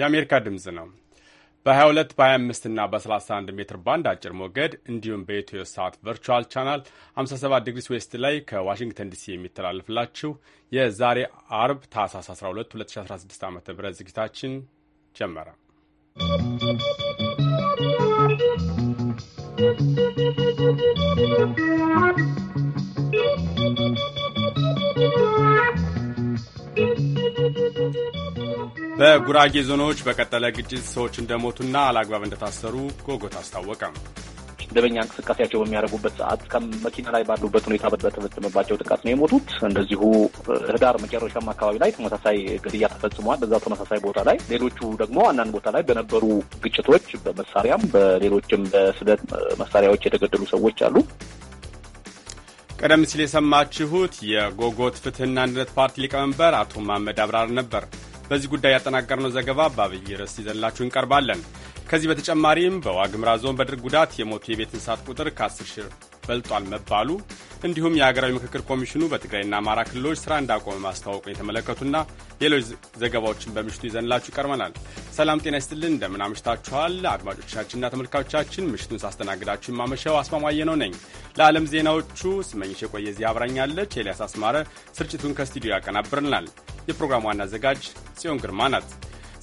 የአሜሪካ ድምፅ ነው። በ22 በ25 እና በ31 ሜትር ባንድ አጭር ሞገድ እንዲሁም በኢትዮ ሳት ቨርቹዋል ቻናል 57 ዲግሪስ ዌስት ላይ ከዋሽንግተን ዲሲ የሚተላለፍላችሁ የዛሬ አርብ ታህሳስ 12 2016 ዓ ም ዝግጅታችን ጀመረ። ¶¶ በጉራጌ ዞኖች በቀጠለ ግጭት ሰዎች እንደሞቱና አላግባብ እንደታሰሩ ጎጎት አስታወቀም። መደበኛ እንቅስቃሴያቸው በሚያደርጉበት ሰዓት ከመኪና ላይ ባሉበት ሁኔታ በተፈጸመባቸው ጥቃት ነው የሞቱት። እንደዚሁ ህዳር መጨረሻም አካባቢ ላይ ተመሳሳይ ግድያ ተፈጽሟል። በዛ ተመሳሳይ ቦታ ላይ ሌሎቹ ደግሞ አንዳንድ ቦታ ላይ በነበሩ ግጭቶች በመሳሪያም በሌሎችም በስለት መሳሪያዎች የተገደሉ ሰዎች አሉ። ቀደም ሲል የሰማችሁት የጎጎት ፍትህና አንድነት ፓርቲ ሊቀመንበር አቶ መሐመድ አብራር ነበር። በዚህ ጉዳይ ያጠናቀርነው ዘገባ በአብይ ርዕስ ይዘንላችሁ እንቀርባለን። ከዚህ በተጨማሪም በዋግምራ ዞን በድርቅ ጉዳት የሞቱ የቤት እንስሳት ቁጥር ከ10 ሺህ በልጧል መባሉ እንዲሁም የሀገራዊ ምክክር ኮሚሽኑ በትግራይና አማራ ክልሎች ስራ እንዳቆመ ማስታወቁን የተመለከቱና ሌሎች ዘገባዎችን በምሽቱ ይዘንላችሁ ይቀርበናል። ሰላም ጤና ይስጥልን፣ እንደምን አምሽታችኋል አድማጮቻችንና ተመልካቾቻችን። ምሽቱን ሳስተናግዳችሁ የማመሻው አስማማየ ነው ነኝ። ለዓለም ዜናዎቹ ስመኝሽ የቆየ እዚህ አብራኛለች። ኤልያስ አስማረ ስርጭቱን ከስቱዲዮ ያቀናብርልናል። የፕሮግራሙ ዋና አዘጋጅ ጽዮን ግርማ ናት።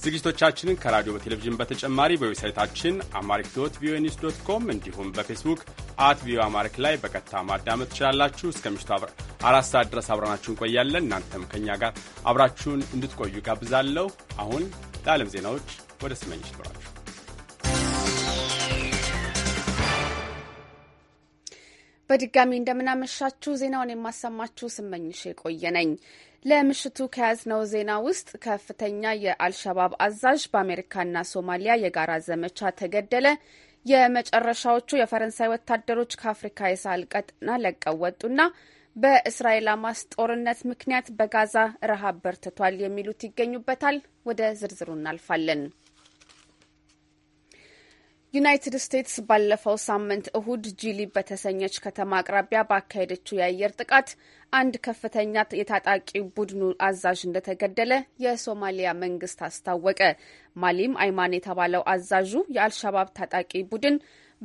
ዝግጅቶቻችንን ከራዲዮ በቴሌቪዥን በተጨማሪ በዌብሳይታችን አማሪክ ዶት ቪኦኤ ኒውስ ዶት ኮም እንዲሁም በፌስቡክ አት ቪኦኤ አማሪክ ላይ በቀጥታ ማዳመጥ ትችላላችሁ። እስከ ምሽቱ አራት ሰዓት ድረስ አብረናችሁ እንቆያለን። እናንተም ከእኛ ጋር አብራችሁን እንድትቆዩ ጋብዛለሁ። አሁን ለዓለም ዜናዎች ወደ ስመኝሽ በድጋሚ እንደምናመሻችሁ ዜናውን የማሰማችሁ ስመኝሽ የቆየ ነኝ። ለምሽቱ ከያዝነው ዜና ውስጥ ከፍተኛ የአልሸባብ አዛዥ በአሜሪካና ሶማሊያ የጋራ ዘመቻ ተገደለ፣ የመጨረሻዎቹ የፈረንሳይ ወታደሮች ከአፍሪካ የሳህል ቀጠና ለቀው ወጡና በእስራኤል አማስ ጦርነት ምክንያት በጋዛ ረሃብ በርትቷል የሚሉት ይገኙበታል። ወደ ዝርዝሩ እናልፋለን። ዩናይትድ ስቴትስ ባለፈው ሳምንት እሁድ ጂሊ በተሰኘች ከተማ አቅራቢያ ባካሄደችው የአየር ጥቃት አንድ ከፍተኛ የታጣቂ ቡድኑ አዛዥ እንደተገደለ የሶማሊያ መንግስት አስታወቀ። ማሊም አይማን የተባለው አዛዡ የአልሻባብ ታጣቂ ቡድን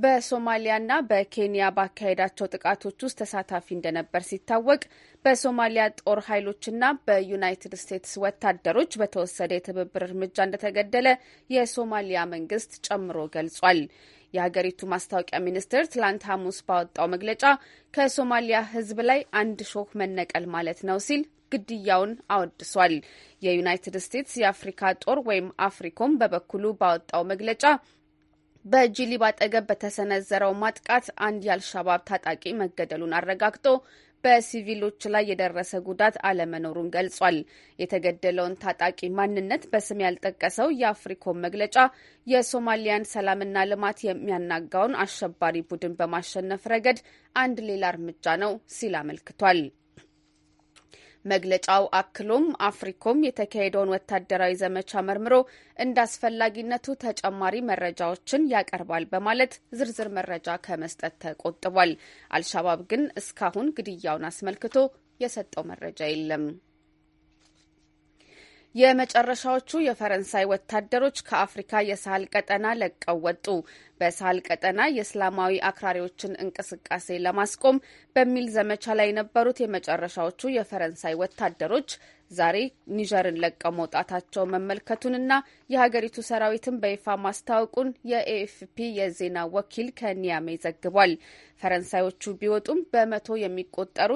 በሶማሊያና በኬንያ ባካሄዳቸው ጥቃቶች ውስጥ ተሳታፊ እንደነበር ሲታወቅ በሶማሊያ ጦር ኃይሎችና በዩናይትድ ስቴትስ ወታደሮች በተወሰደ የትብብር እርምጃ እንደተገደለ የሶማሊያ መንግስት ጨምሮ ገልጿል። የሀገሪቱ ማስታወቂያ ሚኒስትር ትላንት ሐሙስ ባወጣው መግለጫ ከሶማሊያ ሕዝብ ላይ አንድ ሾህ መነቀል ማለት ነው ሲል ግድያውን አወድሷል። የዩናይትድ ስቴትስ የአፍሪካ ጦር ወይም አፍሪኮም በበኩሉ ባወጣው መግለጫ በጂሊብ አጠገብ በተሰነዘረው ማጥቃት አንድ የአልሻባብ ታጣቂ መገደሉን አረጋግጦ በሲቪሎች ላይ የደረሰ ጉዳት አለመኖሩን ገልጿል። የተገደለውን ታጣቂ ማንነት በስም ያልጠቀሰው የአፍሪኮም መግለጫ የሶማሊያን ሰላምና ልማት የሚያናጋውን አሸባሪ ቡድን በማሸነፍ ረገድ አንድ ሌላ እርምጃ ነው ሲል አመልክቷል። መግለጫው አክሎም አፍሪኮም የተካሄደውን ወታደራዊ ዘመቻ መርምሮ እንደ አስፈላጊነቱ ተጨማሪ መረጃዎችን ያቀርባል በማለት ዝርዝር መረጃ ከመስጠት ተቆጥቧል። አልሻባብ ግን እስካሁን ግድያውን አስመልክቶ የሰጠው መረጃ የለም። የመጨረሻዎቹ የፈረንሳይ ወታደሮች ከአፍሪካ የሳህል ቀጠና ለቀው ወጡ። በሳህል ቀጠና የእስላማዊ አክራሪዎችን እንቅስቃሴ ለማስቆም በሚል ዘመቻ ላይ የነበሩት የመጨረሻዎቹ የፈረንሳይ ወታደሮች ዛሬ ኒጀርን ለቀው መውጣታቸው መመልከቱንና የሀገሪቱ ሰራዊትን በይፋ ማስታወቁን የኤኤፍፒ የዜና ወኪል ከኒያሜ ዘግቧል። ፈረንሳዮቹ ቢወጡም በመቶ የሚቆጠሩ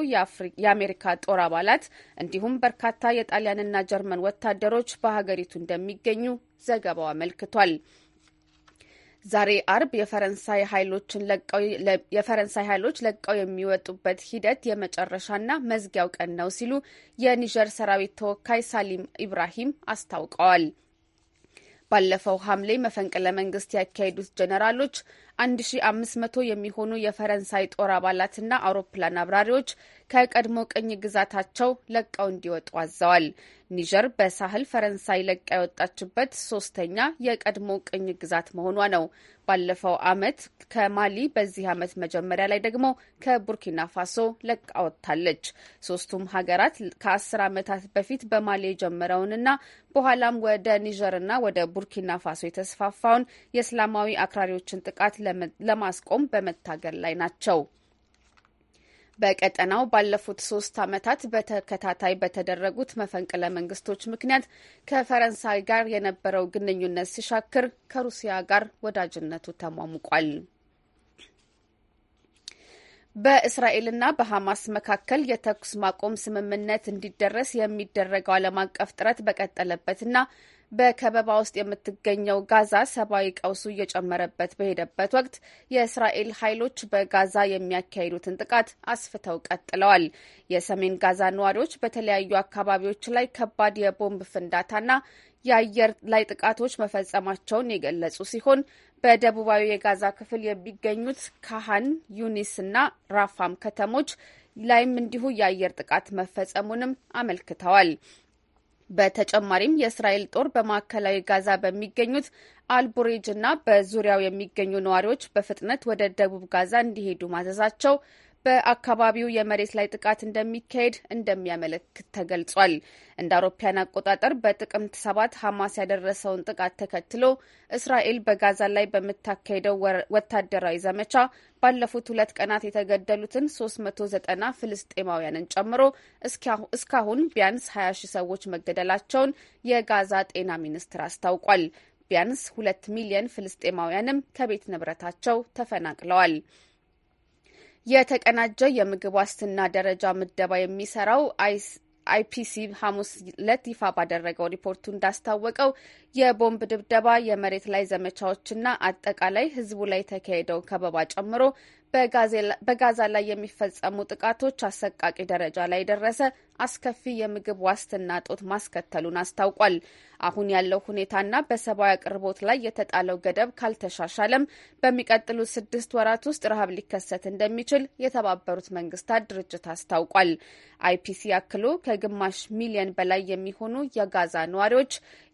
የአሜሪካ ጦር አባላት እንዲሁም በርካታ የጣሊያንና ጀርመን ወታደሮች በሀገሪቱ እንደሚገኙ ዘገባው አመልክቷል። ዛሬ አርብ የፈረንሳይ ኃይሎችን ለቀው የፈረንሳይ ኃይሎች ለቀው የሚወጡበት ሂደት የመጨረሻና መዝጊያው ቀን ነው ሲሉ የኒጀር ሰራዊት ተወካይ ሳሊም ኢብራሂም አስታውቀዋል። ባለፈው ሐምሌ መፈንቅለ መንግስት ያካሄዱት ጀኔራሎች 1500 የሚሆኑ የፈረንሳይ ጦር አባላትና አውሮፕላን አብራሪዎች ከቀድሞ ቅኝ ግዛታቸው ለቀው እንዲወጡ አዘዋል። ኒጀር በሳህል ፈረንሳይ ለቃ የወጣችበት ሶስተኛ የቀድሞ ቅኝ ግዛት መሆኗ ነው። ባለፈው አመት ከማሊ በዚህ አመት መጀመሪያ ላይ ደግሞ ከቡርኪና ፋሶ ለቃ ወጥታለች። ሶስቱም ሀገራት ከአስር አመታት በፊት በማሊ የጀመረውንና በኋላም ወደ ኒጀርና ወደ ቡርኪና ፋሶ የተስፋፋውን የእስላማዊ አክራሪዎችን ጥቃት ለማስቆም በመታገል ላይ ናቸው። በቀጠናው ባለፉት ሶስት ዓመታት በተከታታይ በተደረጉት መፈንቅለ መንግስቶች ምክንያት ከፈረንሳይ ጋር የነበረው ግንኙነት ሲሻክር ከሩሲያ ጋር ወዳጅነቱ ተሟሙቋል። በእስራኤልና በሐማስ መካከል የተኩስ ማቆም ስምምነት እንዲደረስ የሚደረገው ዓለም አቀፍ ጥረት በቀጠለበትና በከበባ ውስጥ የምትገኘው ጋዛ ሰብአዊ ቀውሱ እየጨመረበት በሄደበት ወቅት የእስራኤል ኃይሎች በጋዛ የሚያካሂዱትን ጥቃት አስፍተው ቀጥለዋል። የሰሜን ጋዛ ነዋሪዎች በተለያዩ አካባቢዎች ላይ ከባድ የቦምብ ፍንዳታና የአየር ላይ ጥቃቶች መፈጸማቸውን የገለጹ ሲሆን በደቡባዊ የጋዛ ክፍል የሚገኙት ካሃን፣ ዩኒስ እና ራፋም ከተሞች ላይም እንዲሁ የአየር ጥቃት መፈጸሙንም አመልክተዋል። በተጨማሪም የእስራኤል ጦር በማዕከላዊ ጋዛ በሚገኙት አልቡሬጅ እና በዙሪያው የሚገኙ ነዋሪዎች በፍጥነት ወደ ደቡብ ጋዛ እንዲሄዱ ማዘዛቸው በአካባቢው የመሬት ላይ ጥቃት እንደሚካሄድ እንደሚያመለክት ተገልጿል። እንደ አውሮፓያን አቆጣጠር በጥቅምት ሰባት ሐማስ ያደረሰውን ጥቃት ተከትሎ እስራኤል በጋዛ ላይ በምታካሄደው ወታደራዊ ዘመቻ ባለፉት ሁለት ቀናት የተገደሉትን 390 ፍልስጤማውያንን ጨምሮ እስካሁን ቢያንስ 20 ሺህ ሰዎች መገደላቸውን የጋዛ ጤና ሚኒስቴር አስታውቋል። ቢያንስ ሁለት ሚሊየን ፍልስጤማውያንም ከቤት ንብረታቸው ተፈናቅለዋል። የተቀናጀ የምግብ ዋስትና ደረጃ ምደባ የሚሰራው አይስ አይፒሲ ሐሙስ ዕለት ይፋ ባደረገው ሪፖርቱ እንዳስታወቀው የቦምብ ድብደባ፣ የመሬት ላይ ዘመቻዎችና አጠቃላይ ህዝቡ ላይ ተካሄደው ከበባ ጨምሮ በጋዛ ላይ የሚፈጸሙ ጥቃቶች አሰቃቂ ደረጃ ላይ የደረሰ አስከፊ የምግብ ዋስትና ጦት ማስከተሉን አስታውቋል። አሁን ያለው ሁኔታና በሰብአዊ አቅርቦት ላይ የተጣለው ገደብ ካልተሻሻለም በሚቀጥሉት ስድስት ወራት ውስጥ ረሃብ ሊከሰት እንደሚችል የተባበሩት መንግስታት ድርጅት አስታውቋል። አይፒሲ አክሎ ከግማሽ ሚሊዮን በላይ የሚሆኑ የጋዛ ነዋሪዎች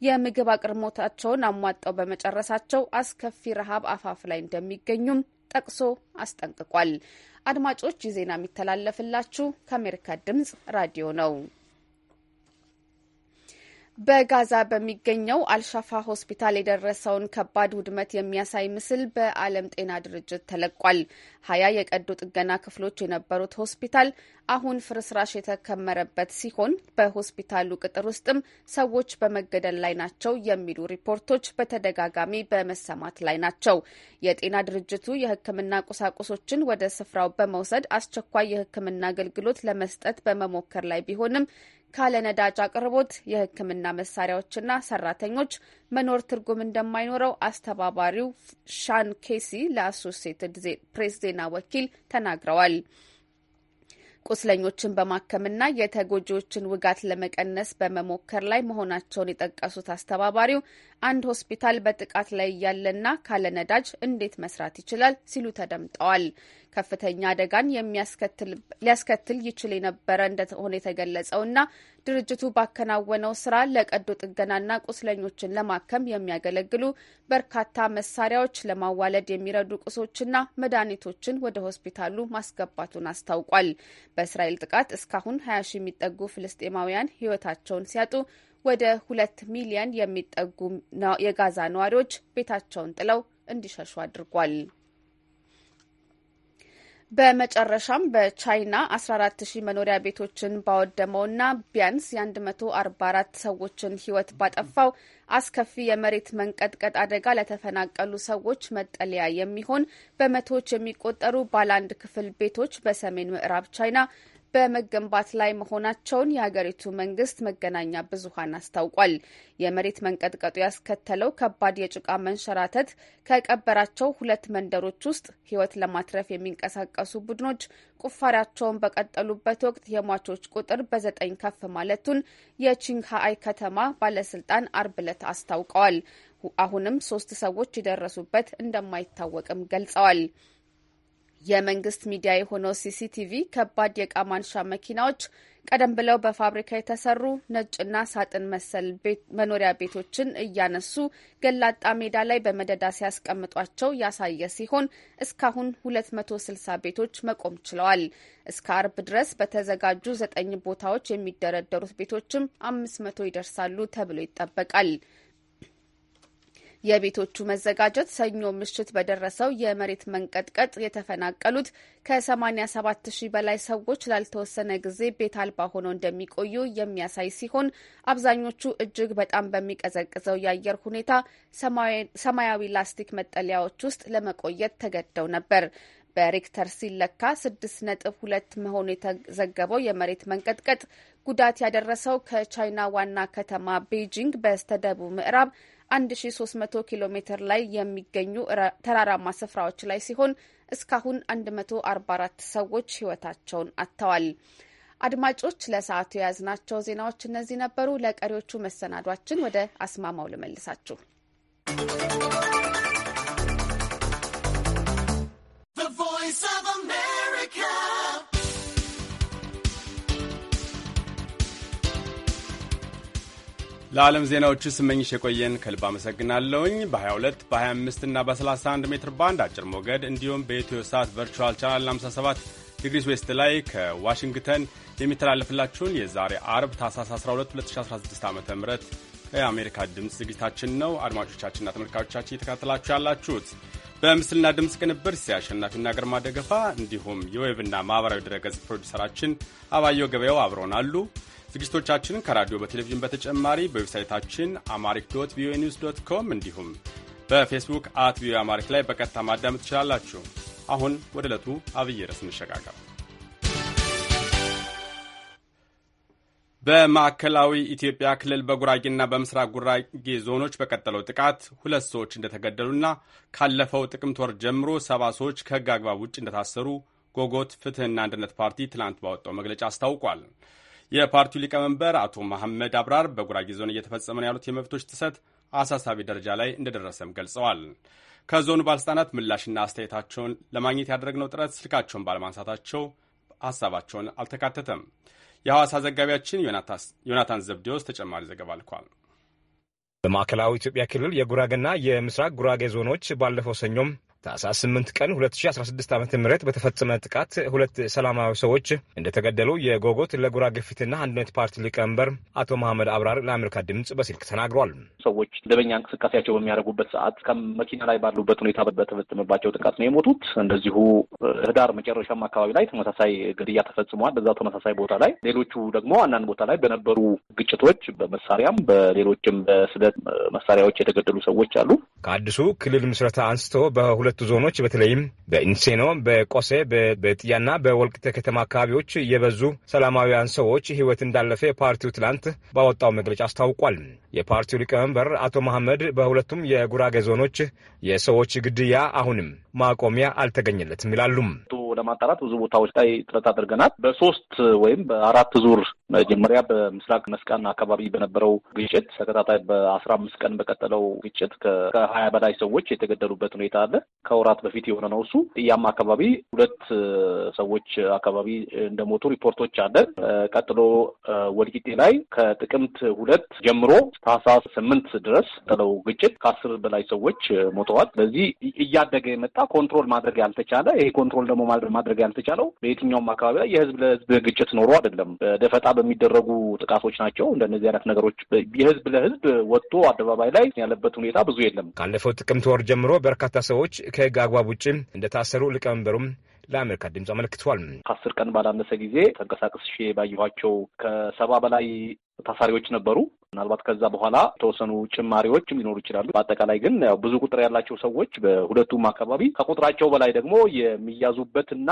የምግብ አቅርቦታቸውን አሟጠው በመጨረሳቸው አስከፊ ረሃብ አፋፍ ላይ እንደሚገኙም ጠቅሶ አስጠንቅቋል። አድማጮች ይህ ዜና የሚተላለፍላችሁ ከአሜሪካ ድምጽ ራዲዮ ነው። በጋዛ በሚገኘው አልሻፋ ሆስፒታል የደረሰውን ከባድ ውድመት የሚያሳይ ምስል በዓለም ጤና ድርጅት ተለቋል። ሀያ የቀዶ ጥገና ክፍሎች የነበሩት ሆስፒታል አሁን ፍርስራሽ የተከመረበት ሲሆን በሆስፒታሉ ቅጥር ውስጥም ሰዎች በመገደል ላይ ናቸው የሚሉ ሪፖርቶች በተደጋጋሚ በመሰማት ላይ ናቸው። የጤና ድርጅቱ የሕክምና ቁሳቁሶችን ወደ ስፍራው በመውሰድ አስቸኳይ የሕክምና አገልግሎት ለመስጠት በመሞከር ላይ ቢሆንም ካለ ነዳጅ አቅርቦት የሕክምና መሳሪያዎችና ሰራተኞች መኖር ትርጉም እንደማይኖረው አስተባባሪው ሻን ኬሲ ለአሶሴትድ ፕሬስ ዜና ወኪል ተናግረዋል። ቁስለኞችን በማከምና የተጎጂዎችን ውጋት ለመቀነስ በመሞከር ላይ መሆናቸውን የጠቀሱት አስተባባሪው አንድ ሆስፒታል በጥቃት ላይ እያለና ካለ ነዳጅ እንዴት መስራት ይችላል ሲሉ ተደምጠዋል። ከፍተኛ አደጋን ሊያስከትል ይችል የነበረ እንደሆነ የተገለጸው እና ድርጅቱ ባከናወነው ስራ ለቀዶ ጥገናና ቁስለኞችን ለማከም የሚያገለግሉ በርካታ መሳሪያዎች፣ ለማዋለድ የሚረዱ ቁሶችና መድኃኒቶችን ወደ ሆስፒታሉ ማስገባቱን አስታውቋል። በእስራኤል ጥቃት እስካሁን 20 ሺህ የሚጠጉ ፍልስጤማውያን ህይወታቸውን ሲያጡ ወደ ሁለት ሚሊየን የሚጠጉ የጋዛ ነዋሪዎች ቤታቸውን ጥለው እንዲሸሹ አድርጓል። በመጨረሻም በቻይና 140 መኖሪያ ቤቶችን ባወደመውና ቢያንስ የ144 ሰዎችን ሕይወት ባጠፋው አስከፊ የመሬት መንቀጥቀጥ አደጋ ለተፈናቀሉ ሰዎች መጠለያ የሚሆን በመቶዎች የሚቆጠሩ ባለአንድ ክፍል ቤቶች በሰሜን ምዕራብ ቻይና በመገንባት ላይ መሆናቸውን የሀገሪቱ መንግስት መገናኛ ብዙሀን አስታውቋል። የመሬት መንቀጥቀጡ ያስከተለው ከባድ የጭቃ መንሸራተት ከቀበራቸው ሁለት መንደሮች ውስጥ ሕይወት ለማትረፍ የሚንቀሳቀሱ ቡድኖች ቁፋሪያቸውን በቀጠሉበት ወቅት የሟቾች ቁጥር በዘጠኝ ከፍ ማለቱን የቺንግሃአይ ከተማ ባለስልጣን አርብ ዕለት አስታውቀዋል። አሁንም ሶስት ሰዎች የደረሱበት እንደማይታወቅም ገልጸዋል። የመንግስት ሚዲያ የሆነው ሲሲቲቪ ከባድ የእቃ ማንሻ መኪናዎች ቀደም ብለው በፋብሪካ የተሰሩ ነጭና ሳጥን መሰል መኖሪያ ቤቶችን እያነሱ ገላጣ ሜዳ ላይ በመደዳ ሲያስቀምጧቸው ያሳየ ሲሆን እስካሁን 260 ቤቶች መቆም ችለዋል። እስከ አርብ ድረስ በተዘጋጁ ዘጠኝ ቦታዎች የሚደረደሩት ቤቶችም 500 ይደርሳሉ ተብሎ ይጠበቃል። የቤቶቹ መዘጋጀት ሰኞ ምሽት በደረሰው የመሬት መንቀጥቀጥ የተፈናቀሉት ከ87 ሺህ በላይ ሰዎች ላልተወሰነ ጊዜ ቤት አልባ ሆነው እንደሚቆዩ የሚያሳይ ሲሆን አብዛኞቹ እጅግ በጣም በሚቀዘቅዘው የአየር ሁኔታ ሰማያዊ ላስቲክ መጠለያዎች ውስጥ ለመቆየት ተገደው ነበር። በሬክተር ሲለካ ስድስት ነጥብ ሁለት መሆኑ የተዘገበው የመሬት መንቀጥቀጥ ጉዳት ያደረሰው ከቻይና ዋና ከተማ ቤጂንግ በስተደቡብ ምዕራብ 1300 ኪሎ ሜትር ላይ የሚገኙ ተራራማ ስፍራዎች ላይ ሲሆን እስካሁን 144 ሰዎች ህይወታቸውን አጥተዋል። አድማጮች ለሰዓቱ የያዝናቸው ዜናዎች እነዚህ ነበሩ። ለቀሪዎቹ መሰናዷችን ወደ አስማማው ልመልሳችሁ። ለዓለም ዜናዎቹ ስመኝሽ የቆየን ከልብ አመሰግናለውኝ በ በ22 በ25 እና በ31 ሜትር ባንድ አጭር ሞገድ እንዲሁም በኢትዮ ሳት ቨርቹዋል ቻናል 57 ዲግሪስ ዌስት ላይ ከዋሽንግተን የሚተላለፍላችሁን የዛሬ አርብ ታህሳስ 12 2016 ዓ ም የአሜሪካ ድምፅ ዝግጅታችን ነው። አድማጮቻችንና ተመልካቾቻችን እየተከታተላችሁ ያላችሁት በምስልና ድምፅ ቅንብር ሲ አሸናፊና ግርማ ደገፋ እንዲሁም የዌብና ማኅበራዊ ድረገጽ ፕሮዲሰራችን አባየው ገበያው አብረውናሉ። ዝግጅቶቻችንን ከራዲዮ በቴሌቪዥን በተጨማሪ በዌብሳይታችን አማሪክ ዶት ቪኦኤ ኒውስ ዶት ኮም እንዲሁም በፌስቡክ አት ቪኦኤ አማሪክ ላይ በቀጥታ ማዳመጥ ትችላላችሁ። አሁን ወደ ዕለቱ አብይ ርዕስ እንሸጋገር። በማዕከላዊ ኢትዮጵያ ክልል በጉራጌና በምስራቅ ጉራጌ ዞኖች በቀጠለው ጥቃት ሁለት ሰዎች እንደተገደሉና ካለፈው ጥቅምት ወር ጀምሮ ሰባ ሰዎች ከህግ አግባብ ውጭ እንደታሰሩ ጎጎት ፍትህና አንድነት ፓርቲ ትናንት ባወጣው መግለጫ አስታውቋል። የፓርቲው ሊቀመንበር አቶ መሐመድ አብራር በጉራጌ ዞን እየተፈጸመ ነው ያሉት የመብቶች ጥሰት አሳሳቢ ደረጃ ላይ እንደደረሰም ገልጸዋል። ከዞኑ ባለስልጣናት ምላሽና አስተያየታቸውን ለማግኘት ያደረግነው ጥረት ስልካቸውን ባለማንሳታቸው ሀሳባቸውን አልተካተተም። የሐዋሳ ዘጋቢያችን ዮናታን ዘብዴዎስ ተጨማሪ ዘገባ ልኳል። በማዕከላዊ ኢትዮጵያ ክልል የጉራጌና የምስራቅ ጉራጌ ዞኖች ባለፈው ሰኞም ታህሳስ 8 ቀን 2016 ዓ ም በተፈጸመ ጥቃት ሁለት ሰላማዊ ሰዎች እንደተገደሉ የጎጎት ለጉራ ግፊትና አንድነት ፓርቲ ሊቀመንበር አቶ መሐመድ አብራር ለአሜሪካ ድምፅ በስልክ ተናግሯል። ሰዎች መደበኛ እንቅስቃሴያቸው በሚያደርጉበት ሰዓት ከመኪና ላይ ባሉበት ሁኔታ በተፈጸመባቸው ጥቃት ነው የሞቱት። እንደዚሁ ህዳር መጨረሻም አካባቢ ላይ ተመሳሳይ ግድያ ተፈጽሟል። በዛ ተመሳሳይ ቦታ ላይ ሌሎቹ ደግሞ አንዳንድ ቦታ ላይ በነበሩ ግጭቶች በመሳሪያም በሌሎችም በስለት መሳሪያዎች የተገደሉ ሰዎች አሉ። ከአዲሱ ክልል ምስረታ አንስቶ በሁ በሁለቱ ዞኖች በተለይም በኢንሴኖ፣ በቆሴ፣ በጥያና በወልቅተ ከተማ አካባቢዎች የበዙ ሰላማዊያን ሰዎች ህይወት እንዳለፈ ፓርቲው ትላንት ባወጣው መግለጫ አስታውቋል። የፓርቲው ሊቀመንበር አቶ መሐመድ በሁለቱም የጉራጌ ዞኖች የሰዎች ግድያ አሁንም ማቆሚያ አልተገኘለትም ይላሉም። ለማጣራት ብዙ ቦታዎች ላይ ጥረት አድርገናል። በሶስት ወይም በአራት ዙር መጀመሪያ በምስራቅ መስቀን አካባቢ በነበረው ግጭት ተከታታይ በአስራ አምስት ቀን በቀጠለው ግጭት ከሀያ በላይ ሰዎች የተገደሉበት ሁኔታ አለ። ከወራት በፊት የሆነ ነው እሱ። ያም አካባቢ ሁለት ሰዎች አካባቢ እንደሞቱ ሪፖርቶች አለ። ቀጥሎ ወልቂጤ ላይ ከጥቅምት ሁለት ጀምሮ ታህሳስ ስምንት ድረስ ጠለው ግጭት ከአስር በላይ ሰዎች ሞተዋል። ስለዚህ እያደገ የመጣ ኮንትሮል ማድረግ ያልተቻለ ይሄ ኮንትሮል ደግሞ ማድረግ ያልተቻለው በየትኛውም አካባቢ ላይ የህዝብ ለህዝብ ግጭት ኖሮ አይደለም። በደፈጣ በሚደረጉ ጥቃቶች ናቸው። እንደነዚህ አይነት ነገሮች የህዝብ ለህዝብ ወጥቶ አደባባይ ላይ ያለበት ሁኔታ ብዙ የለም። ካለፈው ጥቅምት ወር ጀምሮ በርካታ ሰዎች ከህግ አግባብ ውጭ እንደታሰሩ ሊቀመንበሩም ለአሜሪካ ድምፅ አመልክቷል። ከአስር ቀን ባላነሰ ጊዜ ተንቀሳቀስ ባየኋቸው ከሰባ በላይ ታሳሪዎች ነበሩ። ምናልባት ከዛ በኋላ የተወሰኑ ጭማሪዎችም ሊኖሩ ይችላሉ። በአጠቃላይ ግን ያው ብዙ ቁጥር ያላቸው ሰዎች በሁለቱም አካባቢ ከቁጥራቸው በላይ ደግሞ የሚያዙበትና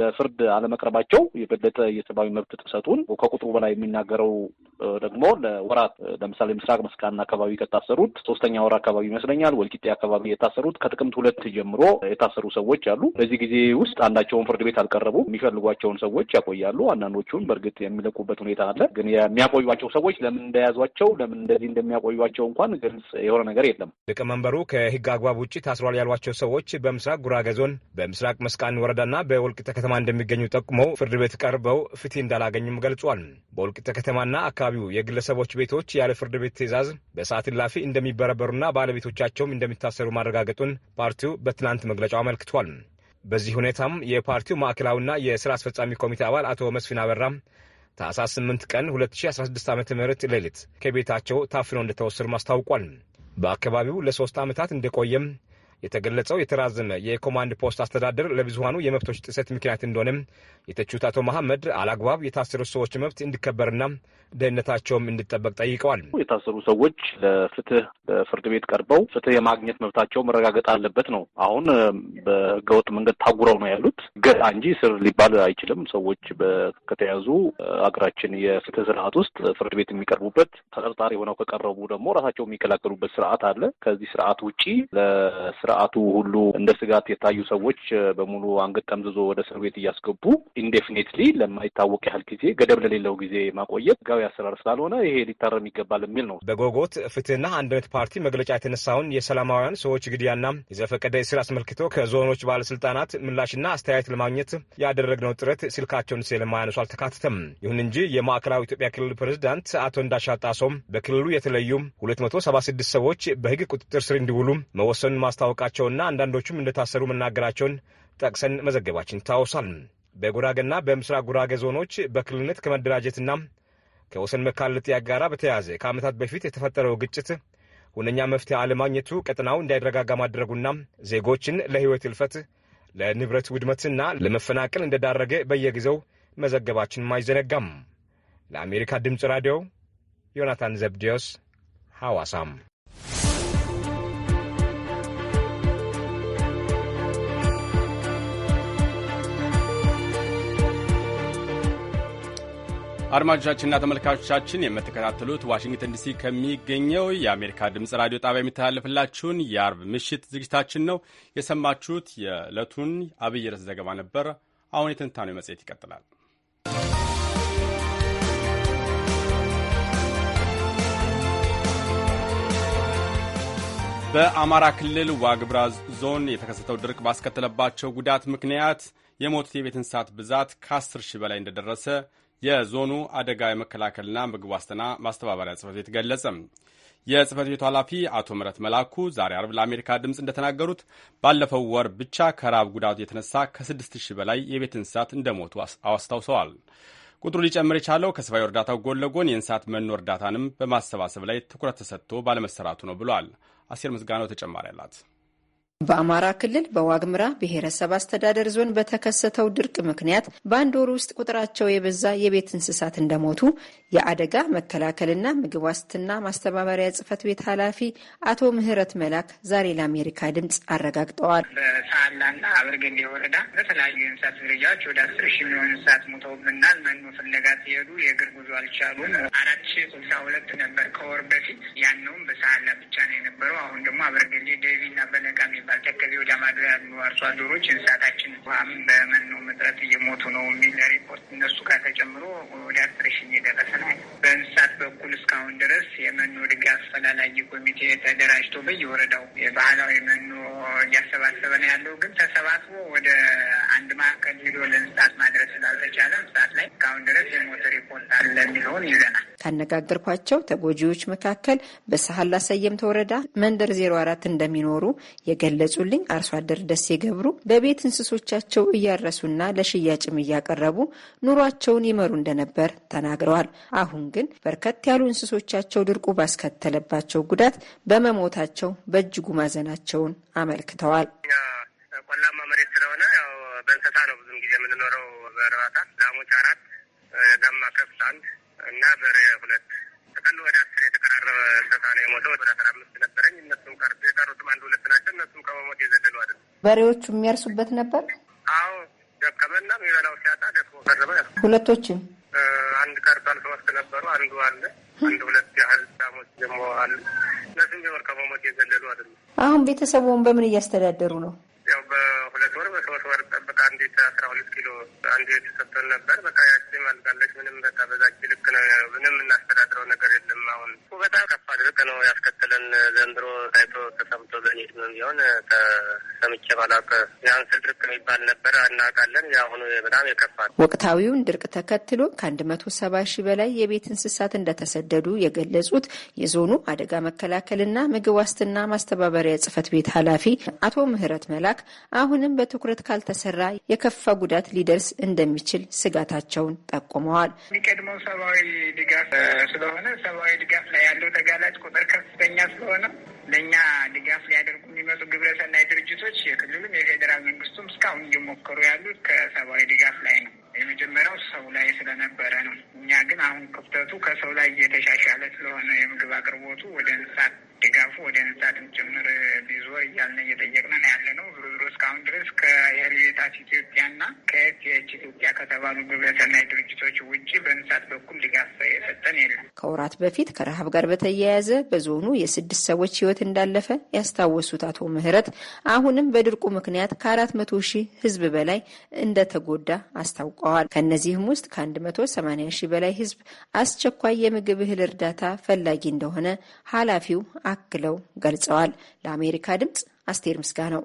ለፍርድ አለመቅረባቸው የበለጠ የሰብአዊ መብት ጥሰቱን ከቁጥሩ በላይ የሚናገረው ደግሞ ለወራት ለምሳሌ ምስራቅ መስቃና አካባቢ ከታሰሩት ሶስተኛ ወር አካባቢ ይመስለኛል ወልቂጤ አካባቢ የታሰሩት ከጥቅምት ሁለት ጀምሮ የታሰሩ ሰዎች አሉ። በዚህ ጊዜ ውስጥ አንዳቸውን ፍርድ ቤት አልቀረቡ የሚፈልጓቸውን ሰዎች ያቆያሉ። አንዳንዶቹን በእርግጥ የሚለቁበት ሁኔታ አለ። ግን የሚያቆዩቸው ሰዎች ለምን እንደያዟቸው ለምን እንደዚህ እንደሚያቆዩቸው እንኳን ግልጽ የሆነ ነገር የለም። ሊቀመንበሩ ከህግ አግባብ ውጭ ታስሯል ያሏቸው ሰዎች በምስራቅ ጉራጌ ዞን በምስራቅ መስቃን ወረዳና በወልቂጤ ከተማ እንደሚገኙ ጠቁመው ፍርድ ቤት ቀርበው ፍትህ እንዳላገኙም ገልጿል። በወልቂጤ ከተማና አካባቢው የግለሰቦች ቤቶች ያለ ፍርድ ቤት ትዕዛዝ በሰዓት እላፊ እንደሚበረበሩና ባለቤቶቻቸውም እንደሚታሰሩ ማረጋገጡን ፓርቲው በትናንት መግለጫው አመልክቷል። በዚህ ሁኔታም የፓርቲው ማዕከላዊና የስራ አስፈጻሚ ኮሚቴ አባል አቶ መስፍን አበራ ታህሳስ 8 ቀን 2016 ዓ ም ሌሊት ከቤታቸው ታፍኖ እንደተወሰዱ ማስታውቋል። በአካባቢው ለሶስት ዓመታት እንደቆየም የተገለጸው የተራዘመ የኮማንድ ፖስት አስተዳደር ለብዙሀኑ የመብቶች ጥሰት ምክንያት እንደሆነም የተቹት አቶ መሐመድ አላግባብ የታሰሩ ሰዎች መብት እንዲከበርና ደህንነታቸውም እንዲጠበቅ ጠይቀዋል። የታሰሩ ሰዎች ለፍትህ ለፍርድ ቤት ቀርበው ፍትህ የማግኘት መብታቸው መረጋገጥ አለበት ነው። አሁን በህገወጥ መንገድ ታጉረው ነው ያሉት። ገጣ እንጂ ስር ሊባል አይችልም። ሰዎች ከተያዙ አገራችን የፍትህ ስርዓት ውስጥ ፍርድ ቤት የሚቀርቡበት ተጠርጣሪ ሆነው ከቀረቡ ደግሞ ራሳቸው የሚከላከሉበት ስርዓት አለ። ከዚህ ስርዓት ውጪ ለስራ ስርዓቱ ሁሉ እንደ ስጋት የታዩ ሰዎች በሙሉ አንገት ጠምዝዞ ወደ እስር ቤት እያስገቡ ኢንዴፊኔትሊ ለማይታወቅ ያህል ጊዜ ገደብ ለሌለው ጊዜ ማቆየት ህጋዊ አሰራር ስላልሆነ ይሄ ሊታረም ይገባል የሚል ነው። በጎጎት ፍትህና አንድነት ፓርቲ መግለጫ የተነሳውን የሰላማውያን ሰዎች ግድያና የዘፈቀደ እስር አስመልክቶ ከዞኖች ባለስልጣናት ምላሽና አስተያየት ለማግኘት ያደረግነው ጥረት ስልካቸውን ስለማያነሱ አልተካተተም። ይሁን እንጂ የማዕከላዊ ኢትዮጵያ ክልል ፕሬዚዳንት አቶ እንዳሻ ጣሶም በክልሉ የተለዩ 276 ሰዎች በህግ ቁጥጥር ስር እንዲውሉ መወሰኑን ማስታወቅ መለቀቃቸውና አንዳንዶቹም እንደታሰሩ መናገራቸውን ጠቅሰን መዘገባችን ታወሳል። በጉራጌና በምስራቅ ጉራጌ ዞኖች በክልልነት ከመደራጀትና ከወሰን መካለል ጥያቄ ጋር በተያያዘ ከዓመታት በፊት የተፈጠረው ግጭት ሁነኛ መፍትሄ አለማግኘቱ ቀጠናው እንዳይረጋጋ ማድረጉና ዜጎችን ለሕይወት እልፈት፣ ለንብረት ውድመትና ለመፈናቀል እንደዳረገ በየጊዜው መዘገባችንም አይዘነጋም። ለአሜሪካ ድምፅ ራዲዮ ዮናታን ዘብዲዮስ ሐዋሳም አድማጮቻችንና ተመልካቾቻችን የምትከታተሉት ዋሽንግተን ዲሲ ከሚገኘው የአሜሪካ ድምፅ ራዲዮ ጣቢያ የሚተላለፍላችሁን የአርብ ምሽት ዝግጅታችን ነው። የሰማችሁት የዕለቱን አብይ ርዕስ ዘገባ ነበር። አሁን የትንታኔው መጽሔት ይቀጥላል። በአማራ ክልል ዋግብራ ዞን የተከሰተው ድርቅ ባስከተለባቸው ጉዳት ምክንያት የሞቱት የቤት እንስሳት ብዛት ከ10 ሺህ በላይ እንደደረሰ የዞኑ አደጋ የመከላከልና ምግብ ዋስትና ማስተባበሪያ ጽህፈት ቤት ገለጸ። የጽህፈት ቤቱ ኃላፊ አቶ ምረት መላኩ ዛሬ አርብ ለአሜሪካ ድምፅ እንደተናገሩት ባለፈው ወር ብቻ ከራብ ጉዳቱ የተነሳ ከ6000 በላይ የቤት እንስሳት እንደሞቱ አስታውሰዋል። ቁጥሩ ሊጨምር የቻለው ከሰብአዊ እርዳታው ጎን ለጎን የእንስሳት መኖ እርዳታንም በማሰባሰብ ላይ ትኩረት ተሰጥቶ ባለመሰራቱ ነው ብሏል። አሴር ምስጋናው ተጨማሪ አላት። በአማራ ክልል በዋግምራ ብሔረሰብ አስተዳደር ዞን በተከሰተው ድርቅ ምክንያት በአንድ ወር ውስጥ ቁጥራቸው የበዛ የቤት እንስሳት እንደሞቱ የአደጋ መከላከልና ምግብ ዋስትና ማስተባበሪያ ጽፈት ቤት ኃላፊ አቶ ምህረት መላክ ዛሬ ለአሜሪካ ድምፅ አረጋግጠዋል። በሳላና አበርገሌ ወረዳ በተለያዩ የእንስሳት ዝርያዎች ወደ አስር ሺ የሚሆኑ እንስሳት ሞተውብናል። መኖ ፍለጋ ሲሄዱ የእግር ጉዞ አልቻሉም። አራት ሺ ስልሳ ሁለት ነበር ከወር በፊት ያነውም በሳላ ብቻ ነው የነበረው። አሁን ደግሞ አበርገሌ ደቢና በለጋ የሚባል ተከዜ ወደ ማዶ ያሉ አርሶ አደሮች እንስሳታችን ውሃም በመኖ መጥረት እየሞቱ ነው የሚል ሪፖርት እነሱ ጋር ተጨምሮ ወደ አስሬሽን እየደረሰ ነው። በእንስሳት በኩል እስካሁን ድረስ የመኖ ድጋፍ ፈላላጊ ኮሚቴ ተደራጅቶ በየወረዳው የባህላዊ መኖ እያሰባሰበ ነው ያለው። ግን ተሰባስቦ ወደ አንድ ማዕከል ሄዶ ለእንስሳት ማድረስ ስላልተቻለ እንስሳት ላይ እስካሁን ድረስ የሞት ሪፖርት አለ የሚለውን ይዘናል። ካነጋገርኳቸው ተጎጂዎች መካከል በሳህላ ሰየምት ወረዳ መንደር ዜሮ አራት እንደሚኖሩ የገለ የገለጹልኝ አርሶ አደር ደሴ ገብሩ በቤት እንስሶቻቸው እያረሱና ለሽያጭም እያቀረቡ ኑሯቸውን ይመሩ እንደነበር ተናግረዋል። አሁን ግን በርከት ያሉ እንስሶቻቸው ድርቁ ባስከተለባቸው ጉዳት በመሞታቸው በእጅጉ ማዘናቸውን አመልክተዋል። ቆላማ መሬት ስለሆነ ያው በእንስሳ ነው ብዙም ጊዜ የምንኖረው። በእርባታ ላሞች አራት፣ ዳማ ከብት አንድ እና በሬ ሁለት ተቀሉ ወደ አስር የተቀራረበ እንስሳ ነው የሞተው። ወደ አስራ አምስት ነበረኝ። እነሱም የቀሩትም አንድ ሁለት ናቸው። እነሱም ከመሞት የዘለሉ አይደል። በሬዎቹ የሚያርሱበት ነበር። አዎ ደከመና የሚበላው ሲያጣ ደክሞ ከረበ። ሁለቶችም አንድ ቀርቷል። ሶስት ነበሩ። አንዱ አለ። አንድ ሁለት ያህል ዳሞች ደግሞ አሉ። እነሱም ቢሆን ከመሞት የዘለሉ አይደለም። አሁን ቤተሰቡን በምን እያስተዳደሩ ነው? ያው በሁለት ወር በሶስት አንዲት አስራ ሁለት ኪሎ አንዱ የተሰጠን ነበር። በቃ ያቺ አልቃለች። ምንም በቃ በዛች ልክ ነው። ምንም እናስተዳድረው ነገር የለም። አሁን በጣም ከፋ ድርቅ ነው ያስከተለን። ዘንድሮ ታይቶ ተሰምቶ በኒት ነው ቢሆን ተሰምቼ ባላቀ የአንስል ድርቅ የሚባል ነበር እናውቃለን። የአሁኑ በጣም የከፋ ወቅታዊውን ድርቅ ተከትሎ ከአንድ መቶ ሰባ ሺህ በላይ የቤት እንስሳት እንደተሰደዱ የገለጹት የዞኑ አደጋ መከላከልና ምግብ ዋስትና ማስተባበሪያ ጽህፈት ቤት ኃላፊ አቶ ምህረት መላክ አሁንም በትኩረት ካልተሰራ የከፋ ጉዳት ሊደርስ እንደሚችል ስጋታቸውን ጠቁመዋል። የሚቀድመው ሰብአዊ ድጋፍ ስለሆነ ሰብአዊ ድጋፍ ላይ ያለው ተጋላጭ ቁጥር ከፍተኛ ስለሆነ ለእኛ ድጋፍ ሊያደርጉ የሚመጡ ግብረሰናይ ድርጅቶች የክልሉም የፌዴራል መንግስቱም እስካሁን እየሞከሩ ያሉት ከሰብአዊ ድጋፍ ላይ ነው። የመጀመሪያው ሰው ላይ ስለነበረ ነው። እኛ ግን አሁን ክፍተቱ ከሰው ላይ እየተሻሻለ ስለሆነ የምግብ አቅርቦቱ ወደ እንስሳት ድጋፉ ወደ እንስሳትም ጭምር ቢዞር እያልን እየጠየቅን ያለ ነው። ዞሮ ዞሮ እስካሁን ድረስ ከሄልቤታት ኢትዮጵያና ከኤፍኤች ኢትዮጵያ ከተባሉ ግብረሰናይ ድርጅቶች ድርጅቶች ውጭ በእንስሳት በኩል ድጋፍ የሰጠን የለም። ከወራት በፊት ከረሃብ ጋር በተያያዘ በዞኑ የስድስት ሰዎች ህይወት እንዳለፈ ያስታወሱት አቶ ምህረት አሁንም በድርቁ ምክንያት ከአራት መቶ ሺህ ህዝብ በላይ እንደተጎዳ አስታውቀዋል። ከእነዚህም ውስጥ ከአንድ መቶ ሰማኒያ ሺህ በላይ ህዝብ አስቸኳይ የምግብ እህል እርዳታ ፈላጊ እንደሆነ ኃላፊው አክለው ገልጸዋል። ለአሜሪካ ድምጽ አስቴር ምስጋ ነው።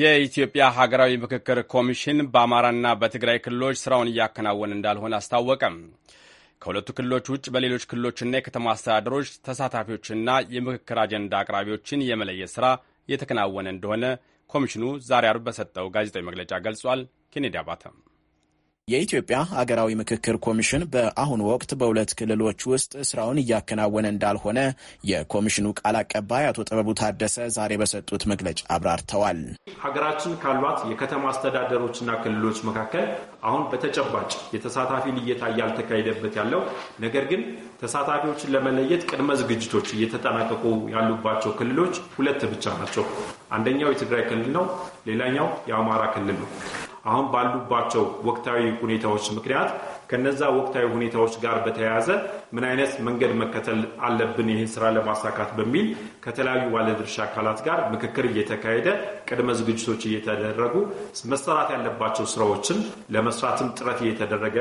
የኢትዮጵያ ሀገራዊ ምክክር ኮሚሽን በአማራና በትግራይ ክልሎች ስራውን እያከናወነ እንዳልሆነ አስታወቀም። ከሁለቱ ክልሎች ውጭ በሌሎች ክልሎችና የከተማ አስተዳደሮች ተሳታፊዎችና የምክክር አጀንዳ አቅራቢዎችን የመለየት ስራ እየተከናወነ እንደሆነ ኮሚሽኑ ዛሬ አርብ በሰጠው ጋዜጣዊ መግለጫ ገልጿል። ኬኔዲ አባተ የኢትዮጵያ አገራዊ ምክክር ኮሚሽን በአሁኑ ወቅት በሁለት ክልሎች ውስጥ ስራውን እያከናወነ እንዳልሆነ የኮሚሽኑ ቃል አቀባይ አቶ ጥበቡ ታደሰ ዛሬ በሰጡት መግለጫ አብራርተዋል። ሀገራችን ካሏት የከተማ አስተዳደሮችና ክልሎች መካከል አሁን በተጨባጭ የተሳታፊ ልየታ እያልተካሄደበት ያለው ነገር ግን ተሳታፊዎችን ለመለየት ቅድመ ዝግጅቶች እየተጠናቀቁ ያሉባቸው ክልሎች ሁለት ብቻ ናቸው። አንደኛው የትግራይ ክልል ነው። ሌላኛው የአማራ ክልል ነው። አሁን ባሉባቸው ወቅታዊ ሁኔታዎች ምክንያት ከነዛ ወቅታዊ ሁኔታዎች ጋር በተያያዘ ምን አይነት መንገድ መከተል አለብን ይህን ስራ ለማሳካት በሚል ከተለያዩ ባለድርሻ አካላት ጋር ምክክር እየተካሄደ ቅድመ ዝግጅቶች እየተደረጉ መሰራት ያለባቸው ስራዎችን ለመስራትም ጥረት እየተደረገ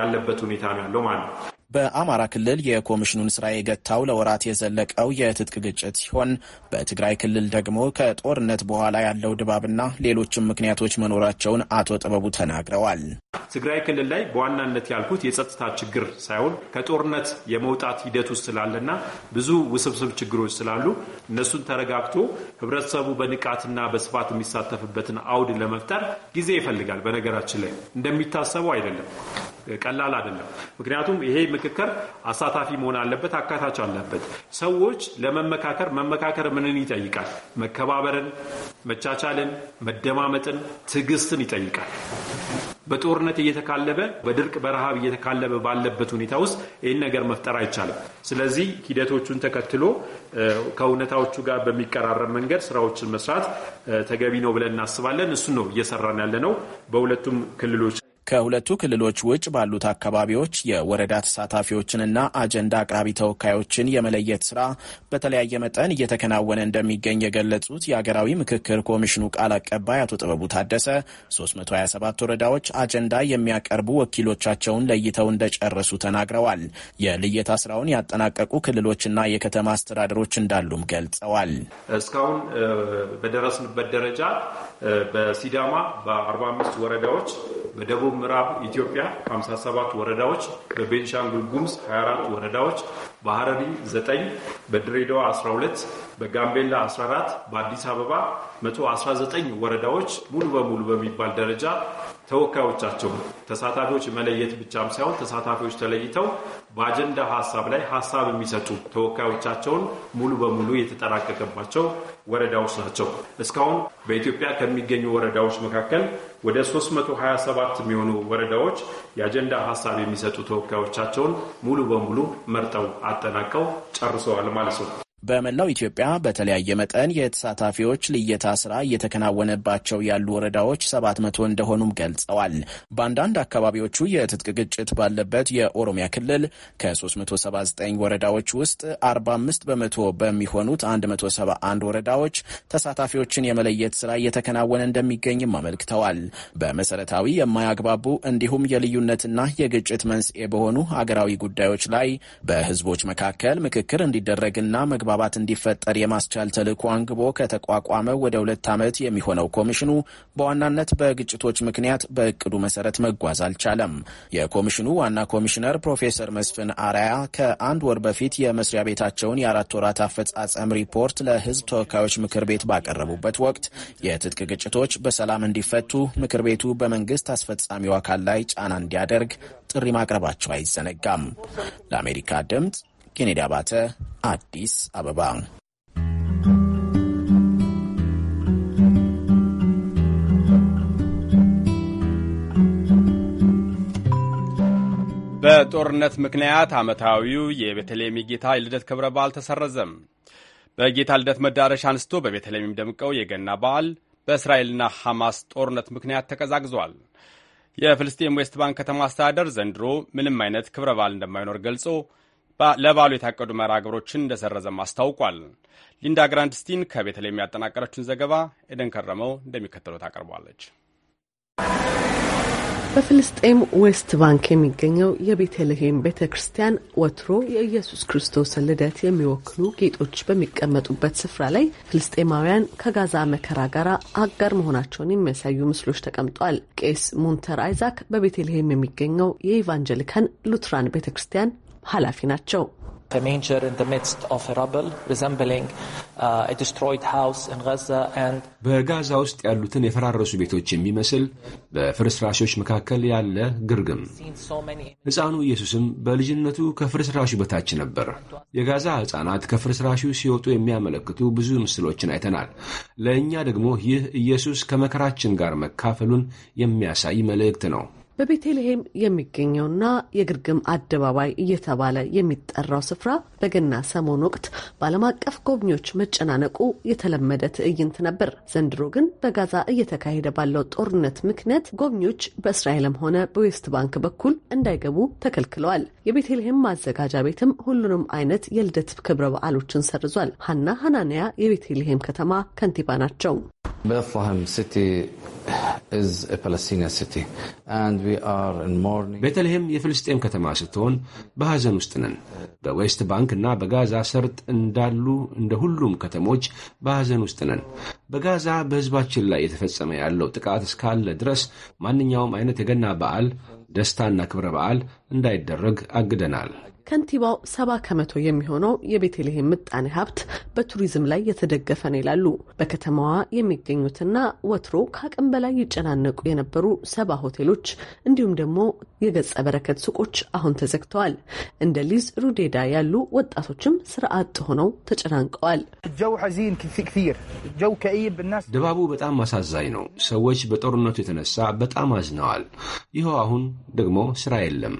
ያለበት ሁኔታ ነው ያለው ማለት ነው። በአማራ ክልል የኮሚሽኑን ስራ የገታው ለወራት የዘለቀው የትጥቅ ግጭት ሲሆን በትግራይ ክልል ደግሞ ከጦርነት በኋላ ያለው ድባብና ሌሎችም ምክንያቶች መኖራቸውን አቶ ጥበቡ ተናግረዋል። ትግራይ ክልል ላይ በዋናነት ያልኩት የጸጥታ ችግር ሳይሆን ከጦርነት የመውጣት ሂደት ውስጥ ስላለና ብዙ ውስብስብ ችግሮች ስላሉ እነሱን ተረጋግቶ ህብረተሰቡ በንቃትና በስፋት የሚሳተፍበትን አውድ ለመፍጠር ጊዜ ይፈልጋል። በነገራችን ላይ እንደሚታሰበው አይደለም። ቀላል አይደለም። ምክንያቱም ይሄ ምክክር አሳታፊ መሆን አለበት፣ አካታች አለበት። ሰዎች ለመመካከር መመካከር ምንን ይጠይቃል? መከባበርን፣ መቻቻልን፣ መደማመጥን፣ ትዕግስትን ይጠይቃል። በጦርነት እየተካለበ በድርቅ በረሃብ እየተካለበ ባለበት ሁኔታ ውስጥ ይህን ነገር መፍጠር አይቻልም። ስለዚህ ሂደቶቹን ተከትሎ ከእውነታዎቹ ጋር በሚቀራረብ መንገድ ስራዎችን መስራት ተገቢ ነው ብለን እናስባለን። እሱን ነው እየሰራን ያለ ነው በሁለቱም ክልሎች ከሁለቱ ክልሎች ውጭ ባሉት አካባቢዎች የወረዳ ተሳታፊዎችንና አጀንዳ አቅራቢ ተወካዮችን የመለየት ስራ በተለያየ መጠን እየተከናወነ እንደሚገኝ የገለጹት የአገራዊ ምክክር ኮሚሽኑ ቃል አቀባይ አቶ ጥበቡ ታደሰ 327 ወረዳዎች አጀንዳ የሚያቀርቡ ወኪሎቻቸውን ለይተው እንደጨረሱ ተናግረዋል። የልየታ ስራውን ያጠናቀቁ ክልሎችና የከተማ አስተዳደሮች እንዳሉም ገልጸዋል። እስካሁን በደረስንበት ደረጃ በሲዳማ በ45 ወረዳዎች በደቡብ ምዕራብ ኢትዮጵያ 57 ወረዳዎች፣ በቤንሻንጉል ጉሙዝ 24 ወረዳዎች፣ በሐረሪ 9፣ በድሬዳዋ 12፣ በጋምቤላ 14፣ በአዲስ አበባ 119 ወረዳዎች ሙሉ በሙሉ በሚባል ደረጃ ተወካዮቻቸው ተሳታፊዎች መለየት ብቻም ሳይሆን ተሳታፊዎች ተለይተው በአጀንዳ ሀሳብ ላይ ሀሳብ የሚሰጡ ተወካዮቻቸውን ሙሉ በሙሉ የተጠናቀቀባቸው ወረዳዎች ናቸው። እስካሁን በኢትዮጵያ ከሚገኙ ወረዳዎች መካከል ወደ 327 የሚሆኑ ወረዳዎች የአጀንዳ ሀሳብ የሚሰጡ ተወካዮቻቸውን ሙሉ በሙሉ መርጠው አጠናቀው ጨርሰዋል ማለት ነው። በመላው ኢትዮጵያ በተለያየ መጠን የተሳታፊዎች ልየታ ስራ እየተከናወነባቸው ያሉ ወረዳዎች ሰባት መቶ እንደሆኑም ገልጸዋል። በአንዳንድ አካባቢዎቹ የትጥቅ ግጭት ባለበት የኦሮሚያ ክልል ከ379 ወረዳዎች ውስጥ 45 በመቶ በሚሆኑት 171 ወረዳዎች ተሳታፊዎችን የመለየት ስራ እየተከናወነ እንደሚገኝም አመልክተዋል። በመሰረታዊ የማያግባቡ እንዲሁም የልዩነትና የግጭት መንስኤ በሆኑ አገራዊ ጉዳዮች ላይ በህዝቦች መካከል ምክክር እንዲደረግና መግባ መግባባት እንዲፈጠር የማስቻል ተልዕኮ አንግቦ ከተቋቋመ ወደ ሁለት ዓመት የሚሆነው ኮሚሽኑ በዋናነት በግጭቶች ምክንያት በእቅዱ መሰረት መጓዝ አልቻለም። የኮሚሽኑ ዋና ኮሚሽነር ፕሮፌሰር መስፍን አራያ ከአንድ ወር በፊት የመስሪያ ቤታቸውን የአራት ወራት አፈጻጸም ሪፖርት ለህዝብ ተወካዮች ምክር ቤት ባቀረቡበት ወቅት የትጥቅ ግጭቶች በሰላም እንዲፈቱ ምክር ቤቱ በመንግስት አስፈጻሚው አካል ላይ ጫና እንዲያደርግ ጥሪ ማቅረባቸው አይዘነጋም። ለአሜሪካ ድምፅ ኬኔዲ አባተ አዲስ አበባ። በጦርነት ምክንያት ዓመታዊው የቤተልሔም የጌታ የልደት ክብረ በዓል ተሰረዘም። በጌታ ልደት መዳረሻ አንስቶ በቤተልሔም የሚደምቀው የገና በዓል በእስራኤልና ሐማስ ጦርነት ምክንያት ተቀዛቅዟል። የፍልስጤም ዌስት ባንክ ከተማ አስተዳደር ዘንድሮ ምንም አይነት ክብረ በዓል እንደማይኖር ገልጾ ለባሉ የታቀዱ መርሃ ግብሮችን እንደሰረዘም አስታውቋል። ሊንዳ ግራንድስቲን ከቤተልሔም ያጠናቀረችውን ዘገባ ኤደን ከረመው እንደሚከተለው ታቀርቧለች። በፍልስጤም ዌስት ባንክ የሚገኘው የቤተልሔም ቤተ ክርስቲያን ወትሮ የኢየሱስ ክርስቶስን ልደት የሚወክሉ ጌጦች በሚቀመጡበት ስፍራ ላይ ፍልስጤማውያን ከጋዛ መከራ ጋር አጋር መሆናቸውን የሚያሳዩ ምስሎች ተቀምጧል። ቄስ ሙንተር አይዛክ በቤተልሔም የሚገኘው የኢቫንጀሊካን ሉትራን ቤተ ክርስቲያን ኃላፊ ናቸው። uh, በጋዛ ውስጥ ያሉትን የፈራረሱ ቤቶች የሚመስል በፍርስራሾች መካከል ያለ ግርግም። ሕፃኑ ኢየሱስም በልጅነቱ ከፍርስራሹ በታች ነበር። የጋዛ ሕፃናት ከፍርስራሹ ሲወጡ የሚያመለክቱ ብዙ ምስሎችን አይተናል። ለእኛ ደግሞ ይህ ኢየሱስ ከመከራችን ጋር መካፈሉን የሚያሳይ መልእክት ነው። በቤተልሔም የሚገኘውና የግርግም አደባባይ እየተባለ የሚጠራው ስፍራ በገና ሰሞን ወቅት በዓለም አቀፍ ጎብኚዎች መጨናነቁ የተለመደ ትዕይንት ነበር። ዘንድሮ ግን በጋዛ እየተካሄደ ባለው ጦርነት ምክንያት ጎብኚዎች በእስራኤልም ሆነ በዌስት ባንክ በኩል እንዳይገቡ ተከልክለዋል። የቤተልሔም ማዘጋጃ ቤትም ሁሉንም አይነት የልደት ክብረ በዓሎችን ሰርዟል። ሀና ሀናንያ የቤተልሔም ከተማ ከንቲባ ናቸው። ቤተልሔም የፍልስጤም ከተማ ስትሆን በሐዘን ውስጥ ነን። በዌስት ባንክ እና በጋዛ ሰርጥ እንዳሉ እንደ ሁሉም ከተሞች በሐዘን ውስጥ ነን። በጋዛ በሕዝባችን ላይ የተፈጸመ ያለው ጥቃት እስካለ ድረስ ማንኛውም አይነት የገና በዓል፣ ደስታና ክብረ በዓል እንዳይደረግ አግደናል። ከንቲባው ሰባ ከመቶ የሚሆነው የቤተልሔም ምጣኔ ሀብት በቱሪዝም ላይ የተደገፈ ነው ይላሉ። በከተማዋ የሚገኙትና ወትሮ ከአቅም በላይ ይጨናነቁ የነበሩ ሰባ ሆቴሎች እንዲሁም ደግሞ የገጸ በረከት ሱቆች አሁን ተዘግተዋል። እንደ ሊዝ ሩዴዳ ያሉ ወጣቶችም ስራ አጥ ሆነው ተጨናንቀዋል። ድባቡ በጣም አሳዛኝ ነው። ሰዎች በጦርነቱ የተነሳ በጣም አዝነዋል። ይኸው አሁን ደግሞ ስራ የለም።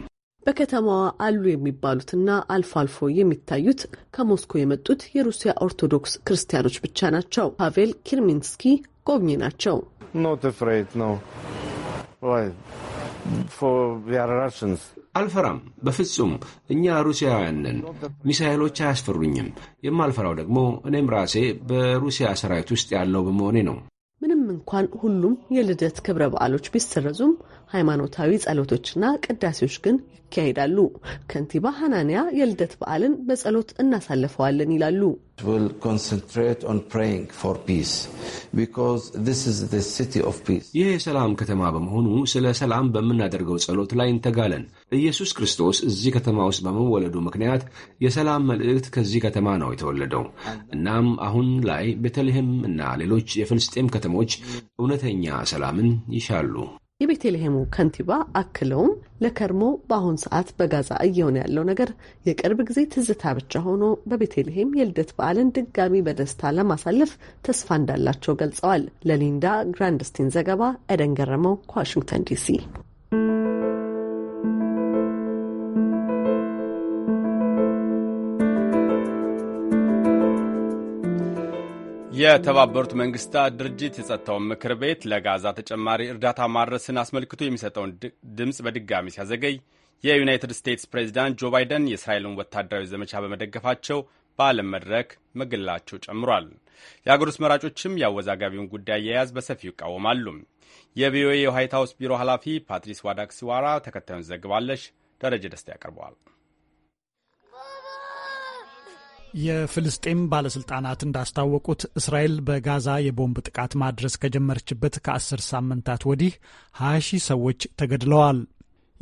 በከተማዋ አሉ የሚባሉትና አልፎ አልፎ የሚታዩት ከሞስኮ የመጡት የሩሲያ ኦርቶዶክስ ክርስቲያኖች ብቻ ናቸው። ፓቬል ኪርሚንስኪ ጎብኚ ናቸው። አልፈራም፣ በፍጹም እኛ ሩሲያውያን ነን። ሚሳይሎች አያስፈሩኝም። የማልፈራው ደግሞ እኔም ራሴ በሩሲያ ሰራዊት ውስጥ ያለው በመሆኔ ነው። ምንም እንኳን ሁሉም የልደት ክብረ በዓሎች ቢሰረዙም ሃይማኖታዊ ጸሎቶችና ቅዳሴዎች ግን ይካሄዳሉ። ከንቲባ ሃናንያ የልደት በዓልን በጸሎት እናሳልፈዋለን ይላሉ። ይህ የሰላም ከተማ በመሆኑ ስለ ሰላም በምናደርገው ጸሎት ላይ እንተጋለን። ኢየሱስ ክርስቶስ እዚህ ከተማ ውስጥ በመወለዱ ምክንያት የሰላም መልእክት ከዚህ ከተማ ነው የተወለደው። እናም አሁን ላይ ቤተልሔም እና ሌሎች የፍልስጤም ከተሞች እውነተኛ ሰላምን ይሻሉ። የቤተልሔሙ ከንቲባ አክለውም ለከርሞ በአሁን ሰዓት በጋዛ እየሆነ ያለው ነገር የቅርብ ጊዜ ትዝታ ብቻ ሆኖ በቤተልሔም የልደት በዓልን ድጋሚ በደስታ ለማሳለፍ ተስፋ እንዳላቸው ገልጸዋል። ለሊንዳ ግራንድስቲን ዘገባ ኤደን ገረመው ከዋሽንግተን ዲሲ የተባበሩት መንግስታት ድርጅት የጸጥታውን ምክር ቤት ለጋዛ ተጨማሪ እርዳታ ማድረስን አስመልክቶ የሚሰጠውን ድምፅ በድጋሚ ሲያዘገይ የዩናይትድ ስቴትስ ፕሬዚዳንት ጆ ባይደን የእስራኤልን ወታደራዊ ዘመቻ በመደገፋቸው በዓለም መድረክ መግለላቸው ጨምሯል። የአገር ውስጥ መራጮችም የአወዛጋቢውን ጉዳይ አያያዝ በሰፊው ይቃወማሉ። የቪኦኤ የዋይት ሀውስ ቢሮ ኃላፊ ፓትሪስ ዋዳክሲዋራ ተከታዩን ዘግባለች። ደረጀ ደስታ ያቀርበዋል። የፍልስጤም ባለስልጣናት እንዳስታወቁት እስራኤል በጋዛ የቦምብ ጥቃት ማድረስ ከጀመረችበት ከአስር ሳምንታት ወዲህ 20 ሺህ ሰዎች ተገድለዋል።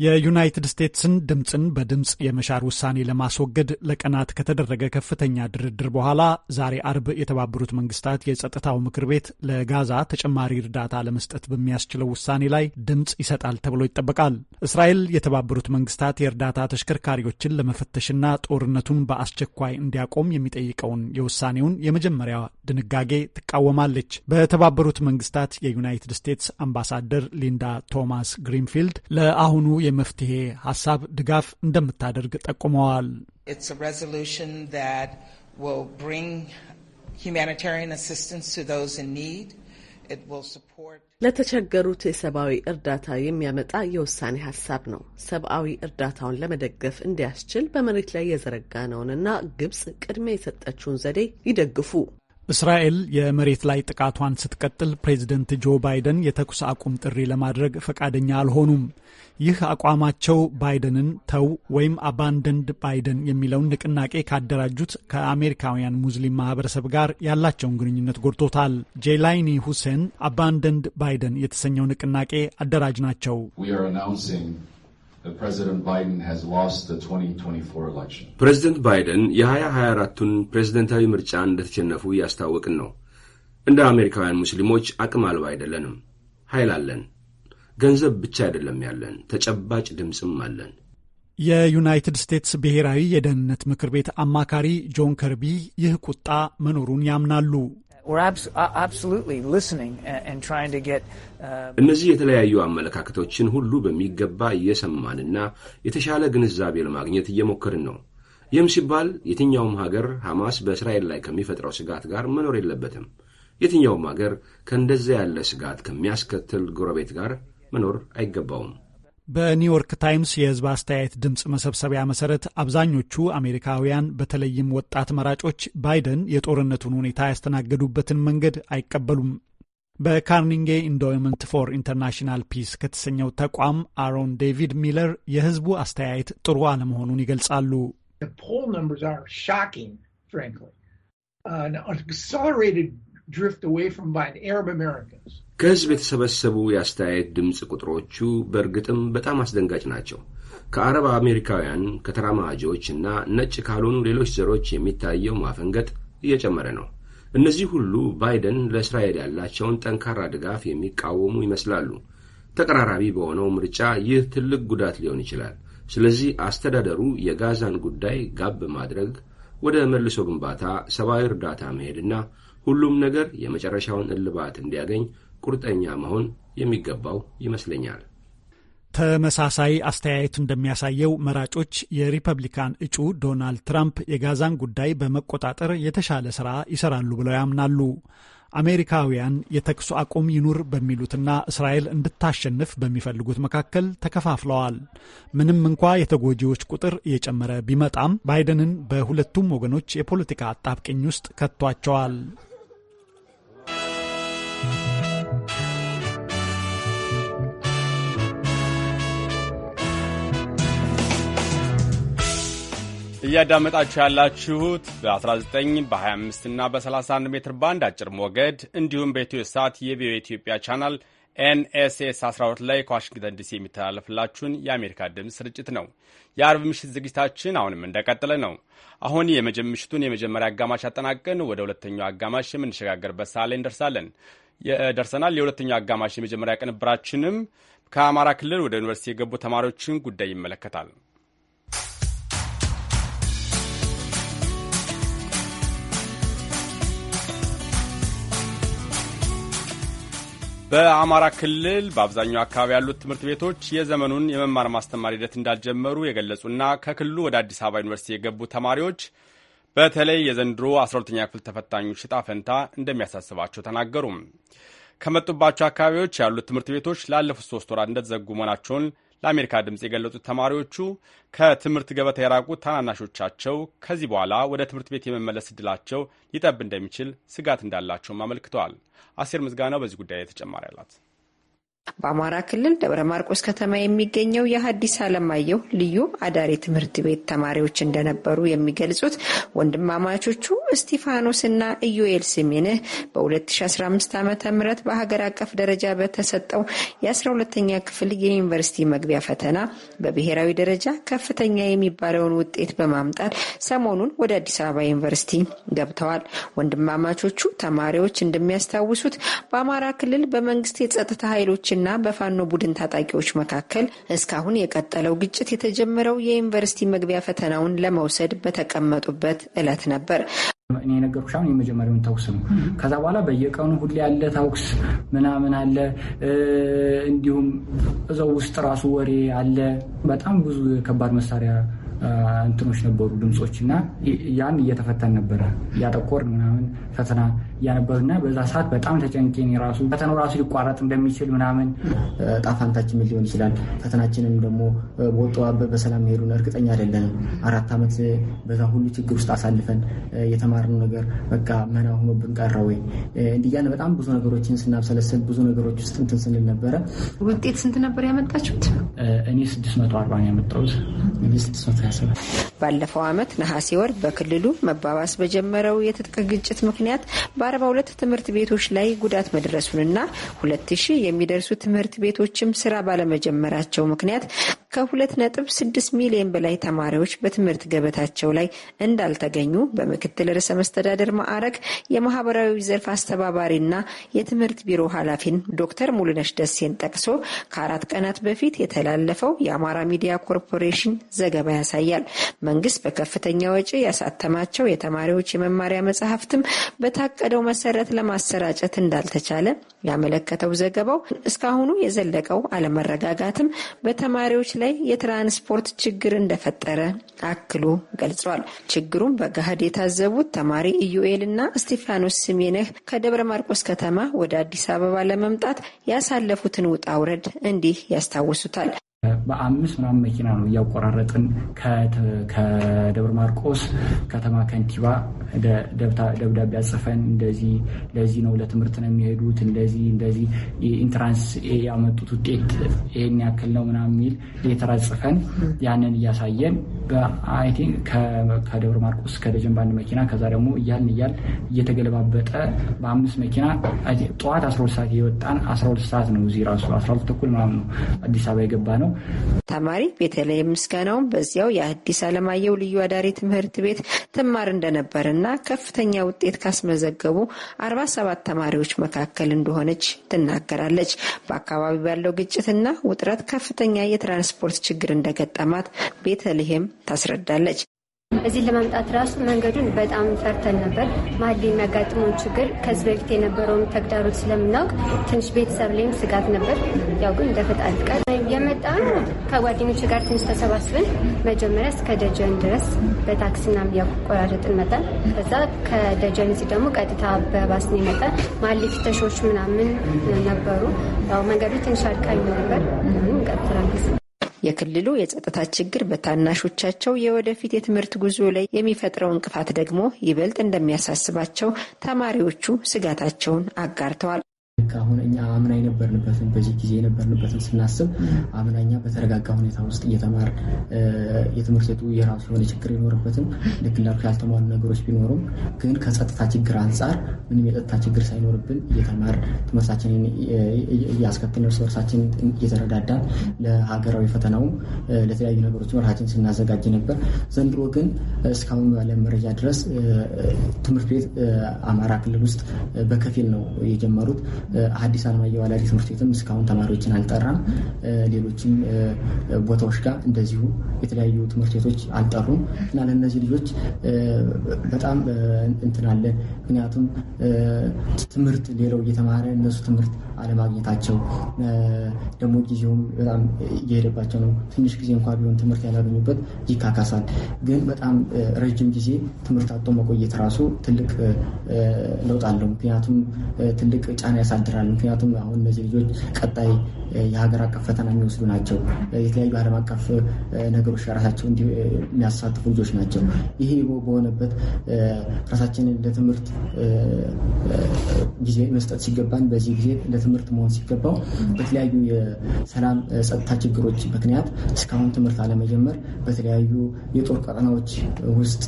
የዩናይትድ ስቴትስን ድምፅን በድምፅ የመሻር ውሳኔ ለማስወገድ ለቀናት ከተደረገ ከፍተኛ ድርድር በኋላ ዛሬ አርብ የተባበሩት መንግስታት የጸጥታው ምክር ቤት ለጋዛ ተጨማሪ እርዳታ ለመስጠት በሚያስችለው ውሳኔ ላይ ድምፅ ይሰጣል ተብሎ ይጠበቃል። እስራኤል የተባበሩት መንግስታት የእርዳታ ተሽከርካሪዎችን ለመፈተሽና ጦርነቱን በአስቸኳይ እንዲያቆም የሚጠይቀውን የውሳኔውን የመጀመሪያ ድንጋጌ ትቃወማለች። በተባበሩት መንግስታት የዩናይትድ ስቴትስ አምባሳደር ሊንዳ ቶማስ ግሪንፊልድ ለአሁኑ የመፍትሄ ሀሳብ ድጋፍ እንደምታደርግ ጠቁመዋል። ለተቸገሩት የሰብአዊ እርዳታ የሚያመጣ የውሳኔ ሀሳብ ነው። ሰብአዊ እርዳታውን ለመደገፍ እንዲያስችል በመሬት ላይ የዘረጋነውንና ግብጽ ቅድሚያ የሰጠችውን ዘዴ ይደግፉ። እስራኤል የመሬት ላይ ጥቃቷን ስትቀጥል ፕሬዚደንት ጆ ባይደን የተኩስ አቁም ጥሪ ለማድረግ ፈቃደኛ አልሆኑም። ይህ አቋማቸው ባይደንን ተው ወይም አባንደንድ ባይደን የሚለውን ንቅናቄ ካደራጁት ከአሜሪካውያን ሙስሊም ማህበረሰብ ጋር ያላቸውን ግንኙነት ጎድቶታል። ጄላይኒ ሁሴን አባንደንድ ባይደን የተሰኘው ንቅናቄ አደራጅ ናቸው። ፕሬዚደንት ባይደን የ2024ቱን ፕሬዝደንታዊ ምርጫ እንደተሸነፉ እያስታወቅን ነው። እንደ አሜሪካውያን ሙስሊሞች አቅም አልባ አይደለንም። ኃይል አለን። ገንዘብ ብቻ አይደለም ያለን፣ ተጨባጭ ድምፅም አለን። የዩናይትድ ስቴትስ ብሔራዊ የደህንነት ምክር ቤት አማካሪ ጆን ከርቢ ይህ ቁጣ መኖሩን ያምናሉ። Uh, uh, እነዚህ የተለያዩ አመለካከቶችን ሁሉ በሚገባ እየሰማንና የተሻለ ግንዛቤ ለማግኘት እየሞከርን ነው። ይህም ሲባል የትኛውም ሀገር ሐማስ በእስራኤል ላይ ከሚፈጥረው ስጋት ጋር መኖር የለበትም። የትኛውም ሀገር ከእንደዚያ ያለ ስጋት ከሚያስከትል ጎረቤት ጋር መኖር አይገባውም። በኒውዮርክ ታይምስ የህዝብ አስተያየት ድምፅ መሰብሰቢያ መሰረት አብዛኞቹ አሜሪካውያን በተለይም ወጣት መራጮች ባይደን የጦርነቱን ሁኔታ ያስተናገዱበትን መንገድ አይቀበሉም። በካርኒንጌ ኢንዶይመንት ፎር ኢንተርናሽናል ፒስ ከተሰኘው ተቋም አሮን ዴቪድ ሚለር የህዝቡ አስተያየት ጥሩ አለመሆኑን ይገልጻሉ። accelerated ከህዝብ የተሰበሰቡ የአስተያየት ድምፅ ቁጥሮቹ በእርግጥም በጣም አስደንጋጭ ናቸው። ከአረብ አሜሪካውያን፣ ከተራማጆች እና ነጭ ካልሆኑ ሌሎች ዘሮች የሚታየው ማፈንገጥ እየጨመረ ነው። እነዚህ ሁሉ ባይደን ለእስራኤል ያላቸውን ጠንካራ ድጋፍ የሚቃወሙ ይመስላሉ። ተቀራራቢ በሆነው ምርጫ ይህ ትልቅ ጉዳት ሊሆን ይችላል። ስለዚህ አስተዳደሩ የጋዛን ጉዳይ ጋብ ማድረግ፣ ወደ መልሶ ግንባታ፣ ሰብአዊ እርዳታ መሄድና ሁሉም ነገር የመጨረሻውን እልባት እንዲያገኝ ቁርጠኛ መሆን የሚገባው ይመስለኛል። ተመሳሳይ አስተያየት እንደሚያሳየው መራጮች የሪፐብሊካን እጩ ዶናልድ ትራምፕ የጋዛን ጉዳይ በመቆጣጠር የተሻለ ስራ ይሰራሉ ብለው ያምናሉ። አሜሪካውያን የተኩስ አቁም ይኑር በሚሉትና እስራኤል እንድታሸንፍ በሚፈልጉት መካከል ተከፋፍለዋል። ምንም እንኳ የተጎጂዎች ቁጥር እየጨመረ ቢመጣም ባይደንን በሁለቱም ወገኖች የፖለቲካ አጣብቅኝ ውስጥ ከቷቸዋል። እያዳመጣችሁ ያላችሁት በ19 በ25 እና በ31 ሜትር ባንድ አጭር ሞገድ እንዲሁም በኢትዮ ሳት የቪኦኤ ኢትዮጵያ ቻናል ኤንኤስኤስ 12 ላይ ከዋሽንግተን ዲሲ የሚተላለፍላችሁን የአሜሪካ ድምፅ ስርጭት ነው። የአርብ ምሽት ዝግጅታችን አሁንም እንደቀጠለ ነው። አሁን የምሽቱን የመጀመሪያ አጋማሽ አጠናቀን ወደ ሁለተኛው አጋማሽ የምንሸጋገርበት ሰዓት ላይ እንደርሳለን ደርሰናል። የሁለተኛው አጋማሽ የመጀመሪያ ቅንብራችንም ከአማራ ክልል ወደ ዩኒቨርሲቲ የገቡ ተማሪዎችን ጉዳይ ይመለከታል። በአማራ ክልል በአብዛኛው አካባቢ ያሉት ትምህርት ቤቶች የዘመኑን የመማር ማስተማር ሂደት እንዳልጀመሩ የገለጹና ከክልሉ ወደ አዲስ አበባ ዩኒቨርሲቲ የገቡ ተማሪዎች በተለይ የዘንድሮ 12ኛ ክፍል ተፈታኞች ዕጣ ፈንታ እንደሚያሳስባቸው ተናገሩ። ከመጡባቸው አካባቢዎች ያሉት ትምህርት ቤቶች ላለፉት ሶስት ወራት እንደተዘጉ መሆናቸውን ለአሜሪካ ድምፅ የገለጹት ተማሪዎቹ ከትምህርት ገበታ የራቁት ታናናሾቻቸው ከዚህ በኋላ ወደ ትምህርት ቤት የመመለስ እድላቸው ሊጠብ እንደሚችል ስጋት እንዳላቸውም አመልክተዋል። አሴር ምስጋናው በዚህ ጉዳይ ተጨማሪ አላት። በአማራ ክልል ደብረ ማርቆስ ከተማ የሚገኘው የሀዲስ ዓለማየሁ ልዩ አዳሪ ትምህርት ቤት ተማሪዎች እንደነበሩ የሚገልጹት ወንድማማቾቹ እስጢፋኖስና ኢዮኤል ስሜንህ በ2015 ዓ ም በሀገር አቀፍ ደረጃ በተሰጠው የ12ተኛ ክፍል የዩኒቨርሲቲ መግቢያ ፈተና በብሔራዊ ደረጃ ከፍተኛ የሚባለውን ውጤት በማምጣት ሰሞኑን ወደ አዲስ አበባ ዩኒቨርሲቲ ገብተዋል። ወንድማማቾቹ ተማሪዎች እንደሚያስታውሱት በአማራ ክልል በመንግስት የጸጥታ ኃይሎች እና በፋኖ ቡድን ታጣቂዎች መካከል እስካሁን የቀጠለው ግጭት የተጀመረው የዩኒቨርሲቲ መግቢያ ፈተናውን ለመውሰድ በተቀመጡበት ዕለት ነበር። እኔ የነገርኩሽ አሁን የመጀመሪያውን ተኩስ ነው። ከዛ በኋላ በየቀኑ ሁሌ ያለ ተኩስ ምናምን አለ። እንዲሁም እዛው ውስጥ ራሱ ወሬ አለ። በጣም ብዙ ከባድ መሳሪያ እንትኖች ነበሩ ድምፆች እና ያን እየተፈተን ነበረ ያጠቆር ምናምን ፈተና እያነበርና በዛ ሰዓት በጣም ተጨንቄን ራሱ ፈተናው ራሱ ሊቋረጥ እንደሚችል ምናምን ጣፋንታችን ምን ሊሆን ይችላል፣ ፈተናችንም ደግሞ በወጡ በሰላም መሄዱን እርግጠኛ አይደለንም። አራት ዓመት በዛ ሁሉ ችግር ውስጥ አሳልፈን የተማርነው ነገር በቃ መና ሆኖብን ቀረ ወይ እንዲያን በጣም ብዙ ነገሮችን ስናብሰለስል ብዙ ነገሮች ውስጥ እንትን ስንል ነበረ። ውጤት ስንት ነበር ያመጣችሁት? እኔ 640 መቶ ነው ያመጣሁት። እኔ 627 ባለፈው ዓመት ነሐሴ ወር በክልሉ መባባስ በጀመረው የትጥቅ ግጭት ምክንያት በአርባ ሁለት ትምህርት ቤቶች ላይ ጉዳት መድረሱንና ሁለት ሺህ የሚደርሱ ትምህርት ቤቶችም ስራ ባለመጀመራቸው ምክንያት ከ2.6 ሚሊዮን በላይ ተማሪዎች በትምህርት ገበታቸው ላይ እንዳልተገኙ በምክትል ርዕሰ መስተዳደር ማዕረግ የማህበራዊ ዘርፍ አስተባባሪና የትምህርት ቢሮ ኃላፊን ዶክተር ሙሉነሽ ደሴን ጠቅሶ ከአራት ቀናት በፊት የተላለፈው የአማራ ሚዲያ ኮርፖሬሽን ዘገባ ያሳያል። መንግስት በከፍተኛ ወጪ ያሳተማቸው የተማሪዎች የመማሪያ መጽሐፍትም በታቀደው መሰረት ለማሰራጨት እንዳልተቻለ ያመለከተው ዘገባው እስካሁኑ የዘለቀው አለመረጋጋትም በተማሪዎች ላይ ላይ የትራንስፖርት ችግር እንደፈጠረ አክሎ ገልጿል። ችግሩን በገሃድ የታዘቡት ተማሪ ኢዩኤል ና ስቴፋኖስ ስሜነህ ከደብረ ማርቆስ ከተማ ወደ አዲስ አበባ ለመምጣት ያሳለፉትን ውጣ ውረድ እንዲህ ያስታውሱታል። በአምስት ምናምን መኪና ነው እያቆራረጥን ከደብረ ማርቆስ ከተማ ከንቲባ ደብዳቤ አጽፈን እንደዚህ ለዚህ ነው ለትምህርት ነው የሚሄዱት እንደዚህ እንደዚህ ኢንትራንስ ያመጡት ውጤት ይሄን ያክል ነው ምናምን የሚል ሌተር አጽፈን ያንን እያሳየን ከደብረ ማርቆስ ከደጀን በአንድ መኪና ከዛ ደግሞ እያልን እያል እየተገለባበጠ በአምስት መኪና ጠዋት 12 ሰዓት የወጣን እየወጣን 12 ሰዓት ነው እዚህ ራሱ 12 ተኩል ምናምን ነው አዲስ አበባ የገባ ነው። ተማሪ ቤተልሔም ምስጋናው በዚያው የአዲስ አለማየሁ ልዩ አዳሪ ትምህርት ቤት ትማር እንደነበር እና ከፍተኛ ውጤት ካስመዘገቡ አርባ ሰባት ተማሪዎች መካከል እንደሆነች ትናገራለች። በአካባቢው ባለው ግጭትና ውጥረት ከፍተኛ የትራንስፖርት ችግር እንደገጠማት ቤተልሔም ታስረዳለች። እዚህ ለማምጣት ራሱ መንገዱን በጣም ፈርተን ነበር። መሀል የሚያጋጥመውን ችግር ከዚህ በፊት የነበረውን ተግዳሮት ስለምናውቅ ትንሽ ቤተሰብ ላይም ስጋት ነበር። ያው ግን እንደፈጣሪ ፍቃድ የመጣ ከጓደኞች ጋር ትንሽ ተሰባስበን መጀመሪያ እስከ ደጀን ድረስ በታክሲና ያቆራረጥን መጣን። ከዛ ከደጀን እዚህ ደግሞ ቀጥታ በባስ ነው የመጣን። መሀል ፍተሾች ምናምን ነበሩ። ያው መንገዱ ትንሽ አድካሚ ነበር። ቀጥታ የክልሉ የጸጥታ ችግር በታናሾቻቸው የወደፊት የትምህርት ጉዞ ላይ የሚፈጥረው እንቅፋት ደግሞ ይበልጥ እንደሚያሳስባቸው ተማሪዎቹ ስጋታቸውን አጋርተዋል። ልክ አሁን እኛ አምና የነበርንበትን በዚህ ጊዜ የነበርንበትን ስናስብ አምናኛ በተረጋጋ ሁኔታ ውስጥ እየተማር የትምህርት ቤቱ የራሱ የሆነ ችግር ቢኖርበትም ልክ እንዳልኩ ያልተሟሉ ነገሮች ቢኖሩም ግን ከጸጥታ ችግር አንጻር ምንም የጸጥታ ችግር ሳይኖርብን እየተማር ትምህርታችንን እያስከተልን እርስ በርሳችን እየተረዳዳን ለሀገራዊ ፈተናውም ለተለያዩ ነገሮች ራሳችን ስናዘጋጅ ነበር። ዘንድሮ ግን እስካሁን ባለ መረጃ ድረስ ትምህርት ቤት አማራ ክልል ውስጥ በከፊል ነው የጀመሩት። አዲስ አለማየሁ አላዴ ትምህርት ቤትም እስካሁን ተማሪዎችን አልጠራም። ሌሎችም ቦታዎች ጋር እንደዚሁ የተለያዩ ትምህርት ቤቶች አልጠሩም እና ለእነዚህ ልጆች በጣም እንትናለን። ምክንያቱም ትምህርት ሌላው እየተማረ እነሱ ትምህርት አለማግኘታቸው ደግሞ ጊዜውም በጣም እየሄደባቸው ነው። ትንሽ ጊዜ እንኳ ቢሆን ትምህርት ያላገኙበት ይካካሳል። ግን በጣም ረጅም ጊዜ ትምህርት አጥቶ መቆየት ራሱ ትልቅ ለውጥ አለው። ምክንያቱም ትልቅ ጫና ያሳድራል። ምክንያቱም አሁን እነዚህ ልጆች ቀጣይ የሀገር አቀፍ ፈተና የሚወስዱ ናቸው። የተለያዩ ዓለም አቀፍ ነገሮች ራሳቸው የሚያሳትፉ ልጆች ናቸው። ይሄ በሆነበት ራሳችንን ለትምህርት ጊዜ መስጠት ሲገባን በዚህ ጊዜ ለትምህርት መሆን ሲገባው በተለያዩ የሰላም ጸጥታ ችግሮች ምክንያት እስካሁን ትምህርት አለመጀመር በተለያዩ የጦር ቀጠናዎች ውስጥ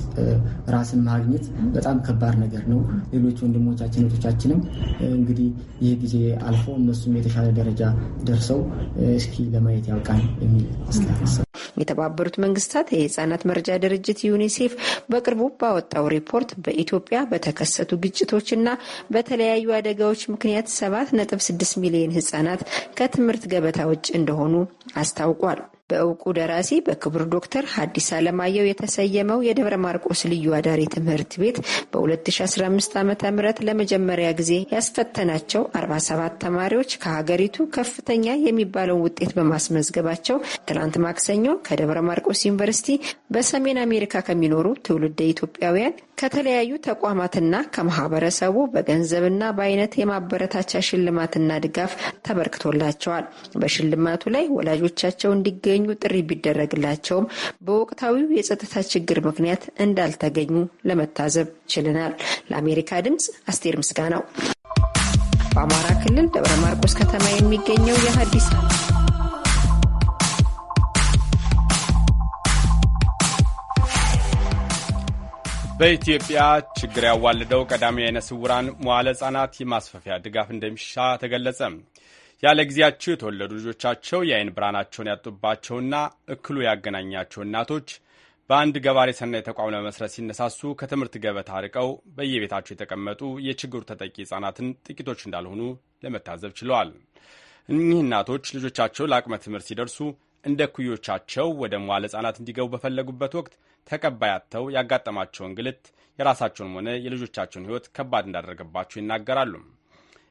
ራስን ማግኘት በጣም ከባድ ነገር ነው። ሌሎች ወንድሞቻችን እህቶቻችንም እንግዲህ ይህ ጊዜ አልፎ እነሱም የተሻለ ደረጃ ደርሰው እስኪ ለማየት ያውቃል የሚል የተባበሩት መንግስታት የህጻናት መረጃ ድርጅት ዩኒሴፍ በቅርቡ ባወጣው ሪፖርት በኢትዮጵያ በተከሰቱ ግጭቶችና በተለያዩ አደጋዎች ምክንያት ሰባት ነጥብ ስድስት ሚሊዮን ህጻናት ከትምህርት ገበታ ውጭ እንደሆኑ አስታውቋል። በእውቁ ደራሲ በክቡር ዶክተር ሀዲስ አለማየሁ የተሰየመው የደብረ ማርቆስ ልዩ አዳሪ ትምህርት ቤት በ2015 ዓ ም ለመጀመሪያ ጊዜ ያስፈተናቸው 47 ተማሪዎች ከሀገሪቱ ከፍተኛ የሚባለውን ውጤት በማስመዝገባቸው ትናንት ማክሰኞ ከደብረ ማርቆስ ዩኒቨርሲቲ በሰሜን አሜሪካ ከሚኖሩ ትውልደ ኢትዮጵያውያን ከተለያዩ ተቋማትና ከማህበረሰቡ በገንዘብና በአይነት የማበረታቻ ሽልማትና ድጋፍ ተበርክቶላቸዋል። በሽልማቱ ላይ ወላጆቻቸው እንዲገኙ ጥሪ ቢደረግላቸውም በወቅታዊው የጸጥታ ችግር ምክንያት እንዳልተገኙ ለመታዘብ ችለናል። ለአሜሪካ ድምፅ አስቴር ምስጋናው በአማራ ክልል ደብረ ማርቆስ ከተማ የሚገኘው የሀዲስ በኢትዮጵያ ችግር ያዋልደው ቀዳሚ አይነ ስውራን መዋለ ህጻናት የማስፋፊያ ድጋፍ እንደሚሻ ተገለጸ። ያለ ጊዜያቸው የተወለዱ ልጆቻቸው የአይን ብርሃናቸውን ያጡባቸውና እክሉ ያገናኛቸው እናቶች በአንድ ገባሬ ሰናይ ተቋም ለመስረት ሲነሳሱ ከትምህርት ገበታ ርቀው በየቤታቸው የተቀመጡ የችግሩ ተጠቂ ህጻናትን ጥቂቶች እንዳልሆኑ ለመታዘብ ችለዋል። እኚህ እናቶች ልጆቻቸው ለአቅመ ትምህርት ሲደርሱ እንደ ኩዮቻቸው ወደ መዋለ ህጻናት እንዲገቡ በፈለጉበት ወቅት ተቀባይ አጥተው ግልት የራሳቸውን የራሳቸውንም ሆነ የልጆቻቸውን ሕይወት ከባድ እንዳደረገባቸው ይናገራሉ።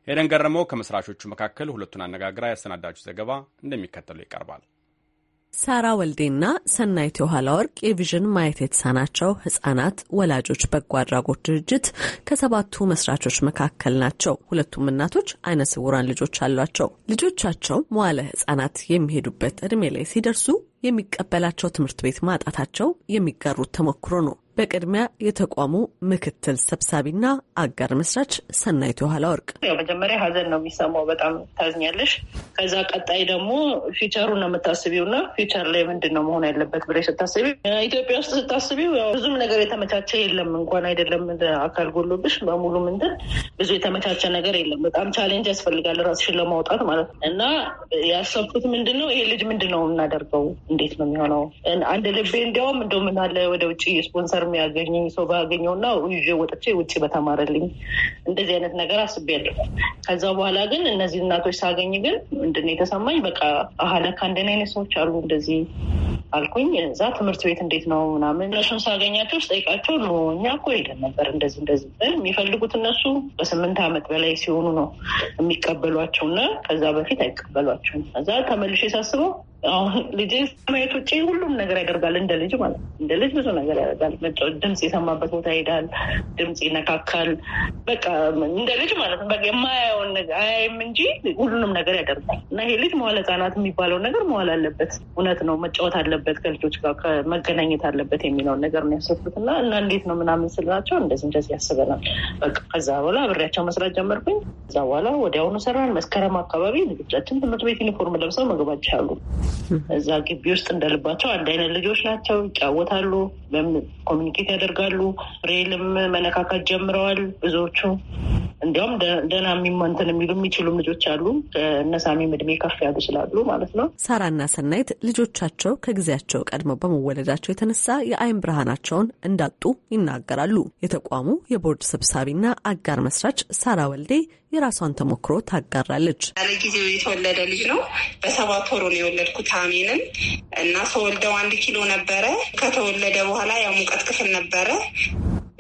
ሄደን ገረመው ከመስራቾቹ መካከል ሁለቱን አነጋግራ ያሰናዳችሁ ዘገባ እንደሚከተለው ይቀርባል። ሳራ ወልዴና ሰናይት የኋላ ወርቅ የቪዥን ማየት የተሳናቸው ህጻናት ወላጆች በጎ አድራጎት ድርጅት ከሰባቱ መስራቾች መካከል ናቸው። ሁለቱም እናቶች አይነ ስውራን ልጆች አሏቸው። ልጆቻቸው መዋለ ህጻናት የሚሄዱበት እድሜ ላይ ሲደርሱ የሚቀበላቸው ትምህርት ቤት ማጣታቸው የሚጋሩት ተሞክሮ ነው። በቅድሚያ የተቋሙ ምክትል ሰብሳቢና አጋር መስራች ሰናይት ኋላ ወርቅ። መጀመሪያ ሀዘን ነው የሚሰማው፣ በጣም ታዝኛለሽ። ከዛ ቀጣይ ደግሞ ፊቸሩ ነው የምታስቢው እና ፊቸር ላይ ምንድን ነው መሆን ያለበት ብለሽ ስታስቢ ኢትዮጵያ ውስጥ ስታስቢው ብዙም ነገር የተመቻቸ የለም። እንኳን አይደለም አካል ጎሎብሽ በሙሉ ምንድን ብዙ የተመቻቸ ነገር የለም። በጣም ቻሌንጅ ያስፈልጋል ራስሽን ለማውጣት ማለት ነው እና ያሰብኩት ምንድን ነው ይሄ ልጅ ምንድን ነው የምናደርገው? እንዴት ነው የሚሆነው? አንድ ልቤ እንዲያውም እንደምናለ ወደ ውጭ ስፖንሰር ቅድም ሰው ባገኘው ና ይዤ ወጥቼ ውጭ በተማረልኝ እንደዚህ አይነት ነገር አስቤያለሁ። ከዛ በኋላ ግን እነዚህ እናቶች ሳገኝ ግን ምንድን የተሰማኝ በቃ አህለ እንደን አይነት ሰዎች አሉ እንደዚህ አልኩኝ። እዛ ትምህርት ቤት እንዴት ነው ምናምን እነሱን ሳገኛቸው ስጠይቃቸው ኖ እኛ እኮ ሄደን ነበር እንደዚህ እንደዚህ የሚፈልጉት እነሱ በስምንት ዓመት በላይ ሲሆኑ ነው የሚቀበሏቸው እና ከዛ በፊት አይቀበሏቸውም። እዛ ተመልሼ ሳስበው ልጅ ማየት ውጭ ሁሉም ነገር ያደርጋል። እንደ ልጅ ማለት ነው። እንደ ልጅ ብዙ ነገር ያደርጋል። ድምፅ የሰማበት ቦታ ይሄዳል። ድምፅ ይነካካል። በቃ እንደ ልጅ ማለት ነው። በቃ የማያየውን ነገር አያይም እንጂ ሁሉንም ነገር ያደርጋል እና ይሄ ልጅ መዋል ህጻናት የሚባለው ነገር መዋል አለበት። እውነት ነው። መጫወት አለበት፣ ከልጆች ጋር መገናኘት አለበት የሚለውን ነገር ነው ያሰብኩት እና እና እንዴት ነው ምናምን ስልናቸው እንደዚህ እንደዚህ ያስበናል። በቃ ከዛ በኋላ አብሬያቸው መስራት ጀመርኩኝ። ከዛ በኋላ ወዲያውኑ ሰራን። መስከረም አካባቢ ልጆቻችን ትምህርት ቤት ዩኒፎርም ለብሰው መግባት አሉ። እዛ ግቢ ውስጥ እንደልባቸው አንድ አይነት ልጆች ናቸው። ይጫወታሉ፣ ኮሚኒኬት ያደርጋሉ። ሬልም መነካካት ጀምረዋል ብዙዎቹ። እንዲያውም ደህና የሚመንትን የሚሉ የሚችሉም ልጆች አሉ። እነሳሚም እድሜ ከፍ ያሉ ስላሉ ማለት ነው። ሳራና ሰናይት ልጆቻቸው ከጊዜያቸው ቀድመው በመወለዳቸው የተነሳ የአይን ብርሃናቸውን እንዳጡ ይናገራሉ። የተቋሙ የቦርድ ሰብሳቢና አጋር መስራች ሳራ ወልዴ የራሷን ተሞክሮ ታጋራለች። ያለ ጊዜው የተወለደ ልጅ ነው። በሰባት ወሩ ነው የወለድኩት ያደረኩት አሜንን እና ተወልደው አንድ ኪሎ ነበረ። ከተወለደ በኋላ ያው ሙቀት ክፍል ነበረ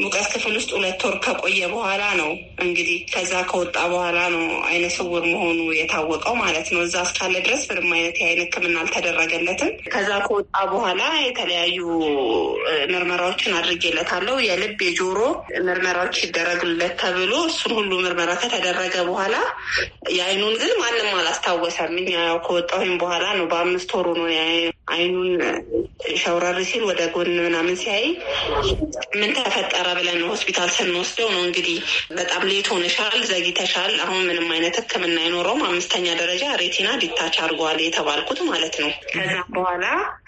ሙቀት ክፍል ውስጥ ሁለት ወር ከቆየ በኋላ ነው እንግዲህ ከዛ ከወጣ በኋላ ነው አይነ ስውር መሆኑ የታወቀው ማለት ነው። እዛ እስካለ ድረስ ምንም አይነት የአይን ሕክምና አልተደረገለትም። ከዛ ከወጣ በኋላ የተለያዩ ምርመራዎችን አድርጌለታለሁ። የልብ የጆሮ ምርመራዎች ይደረግለት ተብሎ እሱን ሁሉ ምርመራ ከተደረገ በኋላ የአይኑን ግን ማንም አላስታወሰም። እኛ ያው ከወጣሁም በኋላ ነው በአምስት ወሩ ነው አይኑን ሸውረር ሲል ወደ ጎን ምናምን ሲያይ ምን ተፈጠረ ብለን ሆስፒታል ስንወስደው ነው እንግዲህ በጣም ሌት ሆነሻል፣ ዘግይተሻል፣ አሁን ምንም አይነት ሕክምና አይኖረውም፣ አምስተኛ ደረጃ ሬቲና ዲታች አድርጓል የተባልኩት ማለት ነው። ከዛም በኋላ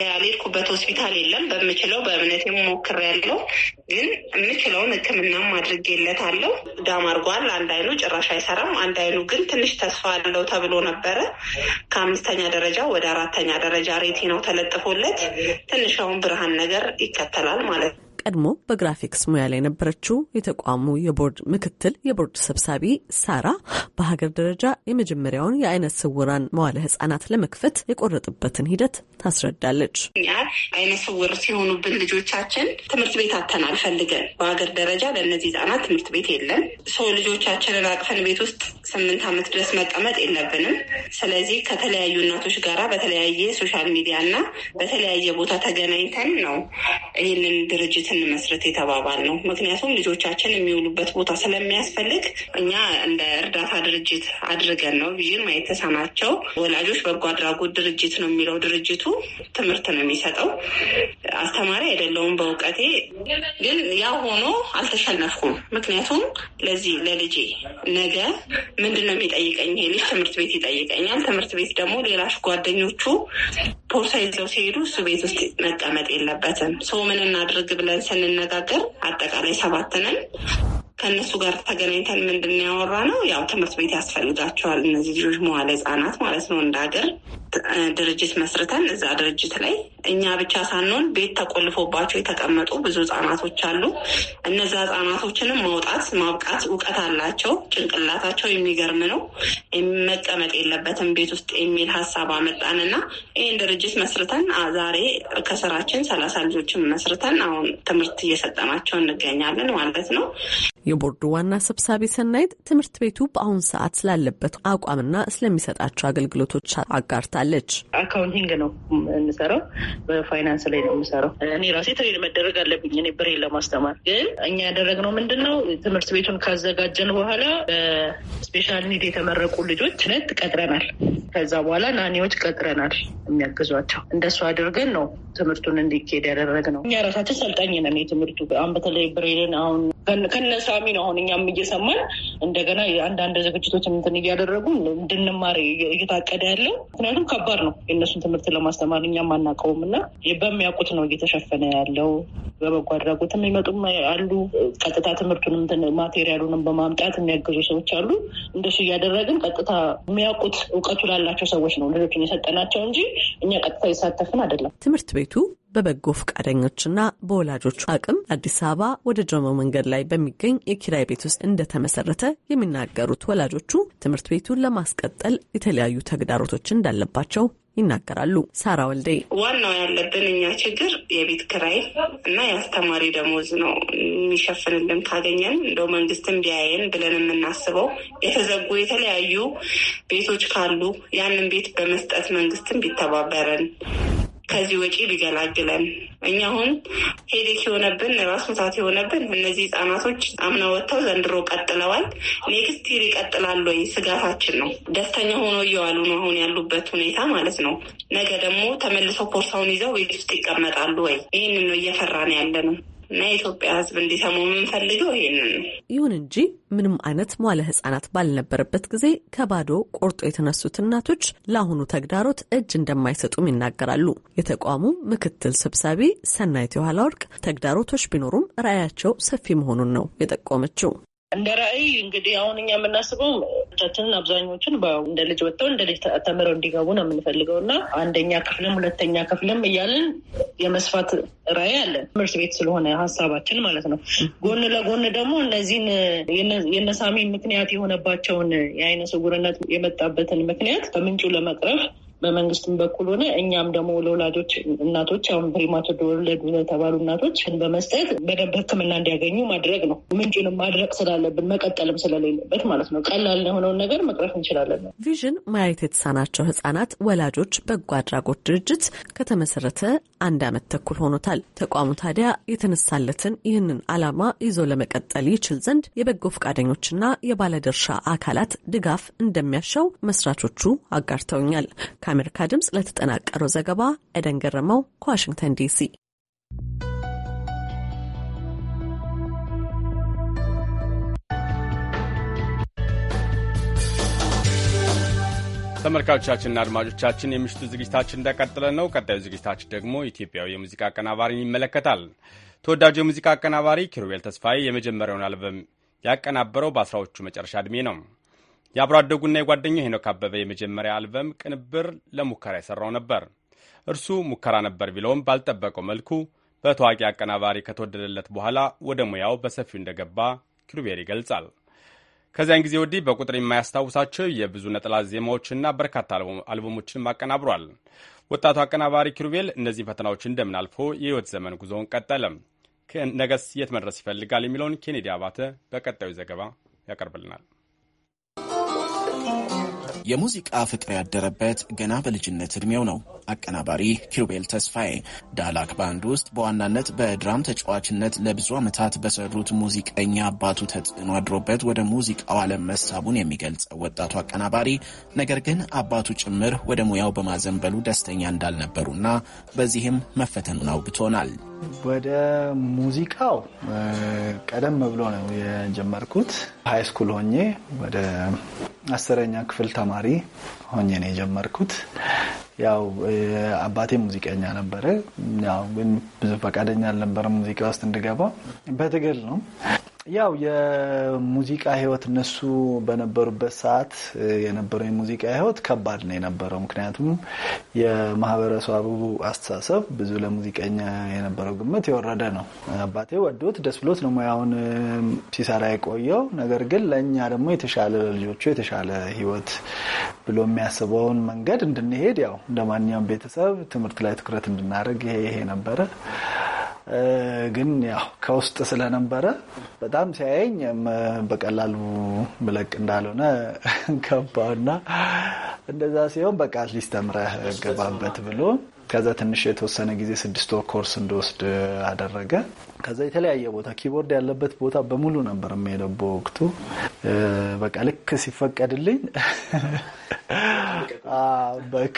ያልሄድኩበት ሆስፒታል የለም። በምችለው በእምነት ሞክሬያለሁ፣ ግን የምችለውን ሕክምናም አድርጌለታለሁ። ዳም አድርጓል። አንድ አይኑ ጭራሽ አይሰራም፣ አንድ አይኑ ግን ትንሽ ተስፋ አለው ተብሎ ነበረ። ከአምስተኛ ደረጃ ወደ አራተኛ ደረጃ ሬቲ ነው ተለጥፎለት ትንሻውን ብርሃን ነገር ይከተላል ማለት ነው። ቀድሞ በግራፊክስ ሙያ ላይ የነበረችው የተቋሙ የቦርድ ምክትል የቦርድ ሰብሳቢ ሳራ በሀገር ደረጃ የመጀመሪያውን የአይነት ስውራን መዋለ ህጻናት ለመክፈት የቆረጥበትን ሂደት ታስረዳለች። እኛ አይነ ስውር ሲሆኑብን ልጆቻችን ትምህርት ቤት አተናል ፈልገን በሀገር ደረጃ ለእነዚህ ህጻናት ትምህርት ቤት የለም። ሰው ልጆቻችንን አቅፈን ቤት ውስጥ ስምንት ዓመት ድረስ መቀመጥ የለብንም። ስለዚህ ከተለያዩ እናቶች ጋራ በተለያየ ሶሻል ሚዲያ እና በተለያየ ቦታ ተገናኝተን ነው ይህንን ድርጅት እንመስረት የተባባል ነው። ምክንያቱም ልጆቻችን የሚውሉበት ቦታ ስለሚያስፈልግ እኛ እንደ እርዳታ ድርጅት አድርገን ነው ቪዥን ማየት ወላጆች በጎ አድራጎት ድርጅት ነው የሚለው ድርጅቱ ትምህርት ነው የሚሰጠው። አስተማሪ አይደለውም በእውቀቴ ግን ያ ሆኖ አልተሸነፍኩም። ምክንያቱም ለዚህ ለልጄ ነገ ምንድን ነው የሚጠይቀኝ? ይሄ ልጅ ትምህርት ቤት ይጠይቀኛል። ትምህርት ቤት ደግሞ ሌላሽ ጓደኞቹ ቦርሳ ይዘው ሲሄዱ እሱ ቤት ውስጥ መቀመጥ የለበትም። ሰው ምን እናድርግ ብለን ስንነጋገር አጠቃላይ ሰባት ነን። ከእነሱ ጋር ተገናኝተን ምንድን ያወራ ነው ያው ትምህርት ቤት ያስፈልጋቸዋል እነዚህ ልጆች መዋለ ህጻናት ማለት ነው። እንደ ሀገር ድርጅት መስርተን እዛ ድርጅት ላይ እኛ ብቻ ሳንሆን ቤት ተቆልፎባቸው የተቀመጡ ብዙ ህጻናቶች አሉ። እነዛ ህጻናቶችንም ማውጣት ማብቃት፣ እውቀት አላቸው፣ ጭንቅላታቸው የሚገርም ነው፣ መቀመጥ የለበትም ቤት ውስጥ የሚል ሀሳብ አመጣንና ይህን ድርጅት መስርተን ዛሬ ከስራችን ሰላሳ ልጆችን መስርተን አሁን ትምህርት እየሰጠናቸው እንገኛለን ማለት ነው። የቦርዱ ዋና ሰብሳቢ ሰናይት ትምህርት ቤቱ በአሁን ሰዓት ስላለበት አቋምና ስለሚሰጣቸው አገልግሎቶች አጋርታለች። አካውንቲንግ ነው የምሰራው፣ በፋይናንስ ላይ ነው የምሰራው። እኔ ራሴ ትሬድ መደረግ አለብኝ፣ እኔ ብሬን ለማስተማር ግን እኛ ያደረግነው ምንድን ነው ትምህርት ቤቱን ካዘጋጀን በኋላ በስፔሻል ኒድ የተመረቁ ልጆች ነት ቀጥረናል። ከዛ በኋላ ናኒዎች ቀጥረናል የሚያግዟቸው። እንደሱ አድርገን ነው ትምህርቱን እንዲካሄድ ያደረግነው። እኛ ራሳችን ሰልጣኝ ነን የትምህርቱ አሁን በተለይ ብሬንን አሁን ከነሳሚ ነው አሁን እኛም እየሰማን እንደገና አንዳንድ ዝግጅቶች እንትን እያደረጉ እንድንማር እየታቀደ ያለው ምክንያቱም ከባድ ነው የእነሱን ትምህርት ለማስተማር እኛም አናውቀውም እና በሚያውቁት ነው እየተሸፈነ ያለው። በበጎ አድራጎትም ይመጡም አሉ። ቀጥታ ትምህርቱንም ማቴሪያሉንም በማምጣት የሚያግዙ ሰዎች አሉ። እንደሱ እያደረግን ቀጥታ የሚያውቁት እውቀቱ ላላቸው ሰዎች ነው ልጆችን የሰጠናቸው እንጂ እኛ ቀጥታ ይሳተፍን አይደለም። ትምህርት ቤቱ በበጎ ፈቃደኞችና በወላጆች አቅም አዲስ አበባ ወደ ጆሞ መንገድ ላይ በሚገኝ የኪራይ ቤት ውስጥ እንደተመሰረተ የሚናገሩት ወላጆቹ ትምህርት ቤቱን ለማስቀጠል የተለያዩ ተግዳሮቶች እንዳለባቸው ይናገራሉ። ሳራ ወልዴ ዋናው ያለብን እኛ ችግር የቤት ክራይ እና የአስተማሪ ደሞዝ ነው የሚሸፍንልን ካገኘን እንደው መንግስትን ቢያየን ብለን የምናስበው የተዘጉ የተለያዩ ቤቶች ካሉ ያንን ቤት በመስጠት መንግስትን ቢተባበረን ከዚህ ወጪ ቢገላግለን። እኛ አሁን ሄዴክ የሆነብን ራስ ምታት የሆነብን እነዚህ ህጻናቶች አምና ወጥተው ዘንድሮ ቀጥለዋል። ኔክስት ይር ይቀጥላሉ ወይ ስጋታችን ነው። ደስተኛ ሆኖ እየዋሉ ነው አሁን ያሉበት ሁኔታ ማለት ነው። ነገ ደግሞ ተመልሰው ፖርሳውን ይዘው ቤት ውስጥ ይቀመጣሉ ወይ? ይህንን ነው ነው ያለ ነው። እና የኢትዮጵያ ሕዝብ እንዲሰሙ የምንፈልገው ይህንን ነው። ይሁን እንጂ ምንም አይነት መዋለ ሕጻናት ባልነበረበት ጊዜ ከባዶ ቆርጦ የተነሱት እናቶች ለአሁኑ ተግዳሮት እጅ እንደማይሰጡም ይናገራሉ። የተቋሙ ምክትል ሰብሳቢ ሰናይት የኋላ ወርቅ ተግዳሮቶች ቢኖሩም ራዕያቸው ሰፊ መሆኑን ነው የጠቆመችው። እንደ ራዕይ እንግዲህ አሁን እኛ የምናስበው ልጆቻችንን አብዛኞቹን እንደ ልጅ ወጥተው እንደ ልጅ ተምረው እንዲገቡ ነው የምንፈልገው እና አንደኛ ክፍልም ሁለተኛ ክፍልም እያልን የመስፋት ራዕይ አለን። ትምህርት ቤት ስለሆነ ሀሳባችን ማለት ነው። ጎን ለጎን ደግሞ እነዚህን የነሳሚ ምክንያት የሆነባቸውን የአይነ ስውርነት የመጣበትን ምክንያት ከምንጩ ለመቅረፍ በመንግስትም በኩል ሆነ እኛም ደግሞ ለወላጆች እናቶች አሁን በሄማቶድ ወለዱ ለተባሉ እናቶች በመስጠት በደንብ ሕክምና እንዲያገኙ ማድረግ ነው። ምንጭንም ማድረግ ስላለብን መቀጠልም ስለሌለበት ማለት ነው። ቀላል የሆነውን ነገር መቅረፍ እንችላለን። ቪዥን ማየት የተሳናቸው ህጻናት ወላጆች በጎ አድራጎት ድርጅት ከተመሰረተ አንድ አመት ተኩል ሆኖታል። ተቋሙ ታዲያ የተነሳለትን ይህንን አላማ ይዞ ለመቀጠል ይችል ዘንድ የበጎ ፈቃደኞችና የባለድርሻ አካላት ድጋፍ እንደሚያሻው መስራቾቹ አጋርተውኛል። ከአሜሪካ ድምፅ ለተጠናቀረው ዘገባ ኤደን ገረመው ከዋሽንግተን ዲሲ። ተመልካቾቻችንና አድማጮቻችን የምሽቱ ዝግጅታችን እንደቀጠለ ነው። ቀጣዩ ዝግጅታችን ደግሞ ኢትዮጵያዊ የሙዚቃ አቀናባሪን ይመለከታል። ተወዳጁ የሙዚቃ አቀናባሪ ኪሩቤል ተስፋዬ የመጀመሪያውን አልበም ያቀናበረው በአስራዎቹ መጨረሻ ዕድሜ ነው። የአብሮ አደጉና የጓደኛው ሄኖክ አበበ የመጀመሪያ አልበም ቅንብር ለሙከራ የሠራው ነበር። እርሱ ሙከራ ነበር ቢለውም ባልጠበቀው መልኩ በታዋቂ አቀናባሪ ከተወደደለት በኋላ ወደ ሙያው በሰፊው እንደገባ ኪሩቤር ይገልጻል። ከዚያን ጊዜ ወዲህ በቁጥር የማያስታውሳቸው የብዙ ነጠላ ዜማዎችና በርካታ አልበሞችንም አቀናብሯል። ወጣቱ አቀናባሪ ኪሩቤል እነዚህን ፈተናዎች እንደምን አልፎ የሕይወት ዘመን ጉዞውን ቀጠለም፣ ነገስ የት መድረስ ይፈልጋል የሚለውን ኬኔዲ አባተ በቀጣዩ ዘገባ ያቀርብልናል። የሙዚቃ ፍቅር ያደረበት ገና በልጅነት ዕድሜው ነው። አቀናባሪ ኪሩቤል ተስፋዬ ዳላክ ባንድ ውስጥ በዋናነት በድራም ተጫዋችነት ለብዙ ዓመታት በሰሩት ሙዚቀኛ አባቱ ተጽዕኖ አድሮበት ወደ ሙዚቃው ዓለም መሳቡን የሚገልጸው ወጣቱ አቀናባሪ ነገር ግን አባቱ ጭምር ወደ ሙያው በማዘንበሉ ደስተኛ እንዳልነበሩና በዚህም መፈተኑን አውግቶናል። ወደ ሙዚቃው ቀደም ብሎ ነው የጀመርኩት። ሀይ ስኩል ሆኜ ወደ አስረኛ ክፍል ተማሪ ሆኜ ነው የጀመርኩት። ያው አባቴ ሙዚቀኛ ነበረ። ያው ግን ብዙ ፈቃደኛ አልነበረ ሙዚቃ ውስጥ እንድገባ። በትግል ነው ያው የሙዚቃ ህይወት እነሱ በነበሩበት ሰዓት የነበረው የሙዚቃ ህይወት ከባድ ነው የነበረው። ምክንያቱም የማህበረሰቡ አስተሳሰብ ብዙ ለሙዚቀኛ የነበረው ግምት የወረደ ነው። አባቴ ወዶት ደስ ብሎት ነው ሙያውን ሲሰራ የቆየው። ነገር ግን ለእኛ ደግሞ የተሻለ ለልጆቹ የተሻለ ህይወት ብሎ የሚያስበውን መንገድ እንድንሄድ ያው እንደ ማንኛውም ቤተሰብ ትምህርት ላይ ትኩረት እንድናደርግ ይሄ ይሄ ነበረ ግን ያው ከውስጥ ስለነበረ በጣም ሲያየኝ በቀላሉ ምለቅ እንዳልሆነ ገባውና እንደዛ ሲሆን በቃ አትሊስት ተምረህ ገባበት ብሎ ከዛ ትንሽ የተወሰነ ጊዜ ስድስት ወር ኮርስ እንደወስድ አደረገ። ከዛ የተለያየ ቦታ ኪቦርድ ያለበት ቦታ በሙሉ ነበር የሚሄደው። በወቅቱ በቃ ልክ ሲፈቀድልኝ በቃ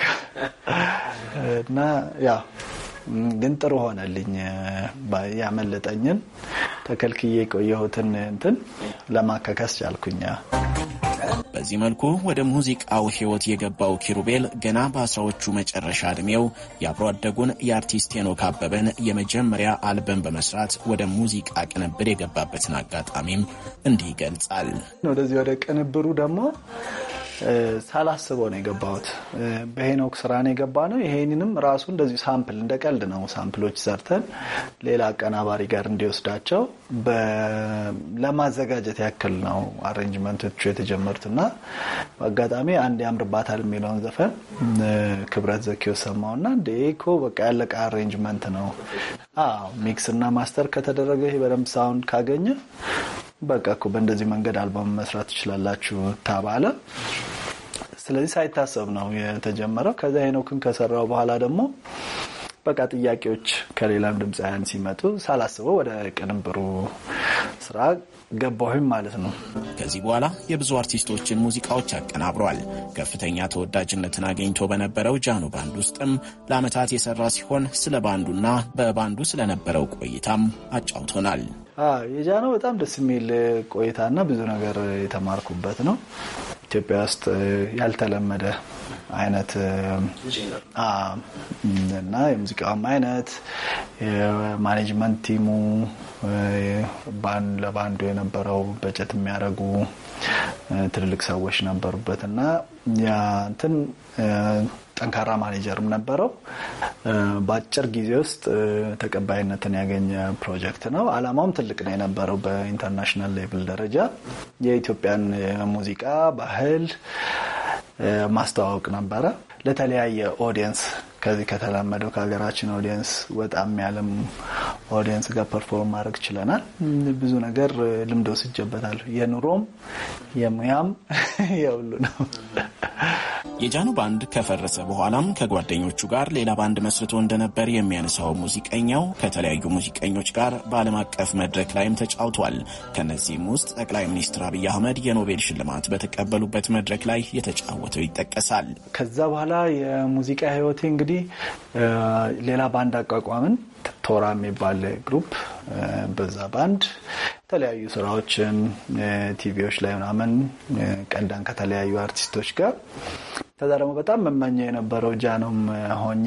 እና ያው ግን ጥሩ ሆነልኝ። ያመለጠኝን ተከልክዬ የቆየሁትን እንትን ለማካከስ ቻልኩኛ። በዚህ መልኩ ወደ ሙዚቃው ህይወት የገባው ኪሩቤል ገና በአስራዎቹ መጨረሻ ዕድሜው የአብሮ አደጉን የአርቲስት ሄኖክ አበበን የመጀመሪያ አልበም በመስራት ወደ ሙዚቃ ቅንብር የገባበትን አጋጣሚም እንዲህ ይገልጻል። ወደዚህ ወደ ቅንብሩ ደግሞ ሳላስበው ነው የገባሁት። በሄኖክ ስራ ነው የገባ ነው። ይሄንንም ራሱ እንደዚህ ሳምፕል እንደ ቀልድ ነው ሳምፕሎች ሰርተን ሌላ አቀናባሪ ጋር እንዲወስዳቸው ለማዘጋጀት ያክል ነው አሬንጅመንቶቹ የተጀመሩት እና በአጋጣሚ አንድ ያምርባታል የሚለውን ዘፈን ክብረት ዘኪው ሰማው እና እንደ እኮ በቃ ያለቀ አሬንጅመንት ነው። አዎ ሚክስ እና ማስተር ከተደረገ ይሄ በደንብ ሳውንድ ካገኘ በቃ እኮ በእንደዚህ መንገድ አልበም መስራት ትችላላችሁ ተባለ። ስለዚህ ሳይታሰብ ነው የተጀመረው። ከዚያ ሄኖክን ከሰራው በኋላ ደግሞ በቃ ጥያቄዎች ከሌላም ድምፃውያን ሲመጡ ሳላስበው ወደ ቅንብሩ ስራ ገባሁም ማለት ነው። ከዚህ በኋላ የብዙ አርቲስቶችን ሙዚቃዎች አቀናብሯል። ከፍተኛ ተወዳጅነትን አገኝቶ በነበረው ጃኖ ባንድ ውስጥም ለዓመታት የሰራ ሲሆን ስለ ባንዱና በባንዱ ስለነበረው ቆይታም አጫውቶናል። የጃኖ በጣም ደስ የሚል ቆይታና ብዙ ነገር የተማርኩበት ነው። ኢትዮጵያ ውስጥ ያልተለመደ አይነት እና የሙዚቃውም አይነት የማኔጅመንት ቲሙ ለባንዱ የነበረው በጀት የሚያደርጉ ትልልቅ ሰዎች ነበሩበት እና ያ እንትን ጠንካራ ማኔጀርም ነበረው። በአጭር ጊዜ ውስጥ ተቀባይነትን ያገኘ ፕሮጀክት ነው። አላማውም ትልቅ ነው የነበረው። በኢንተርናሽናል ሌቭል ደረጃ የኢትዮጵያን ሙዚቃ ባህል ማስተዋወቅ ነበረ ለተለያየ ኦዲየንስ ከዚህ ከተላመደው ከሀገራችን ኦዲየንስ ወጣም ያለም ኦዲየንስ ጋር ፐርፎርም ማድረግ ችለናል። ብዙ ነገር ልምድ ወስጄበታል። የኑሮም የሙያም የሁሉ ነው። የጃኑ ባንድ ከፈረሰ በኋላም ከጓደኞቹ ጋር ሌላ ባንድ መስርቶ እንደነበር የሚያነሳው ሙዚቀኛው ከተለያዩ ሙዚቀኞች ጋር በዓለም አቀፍ መድረክ ላይም ተጫውቷል። ከነዚህም ውስጥ ጠቅላይ ሚኒስትር አብይ አህመድ የኖቤል ሽልማት በተቀበሉበት መድረክ ላይ የተጫወተው ይጠቀሳል። ከዛ በኋላ የሙዚቃ ህይወቴ እንግዲህ እንግዲህ ሌላ ባንድ አቋቋምን። ቶራ የሚባል ግሩፕ በዛ ባንድ የተለያዩ ስራዎችን ቲቪዎች ላይ ምናምን ቀንዳን ከተለያዩ አርቲስቶች ጋር ከዛ ደግሞ በጣም መመኘው የነበረው ጃኖም ሆኜ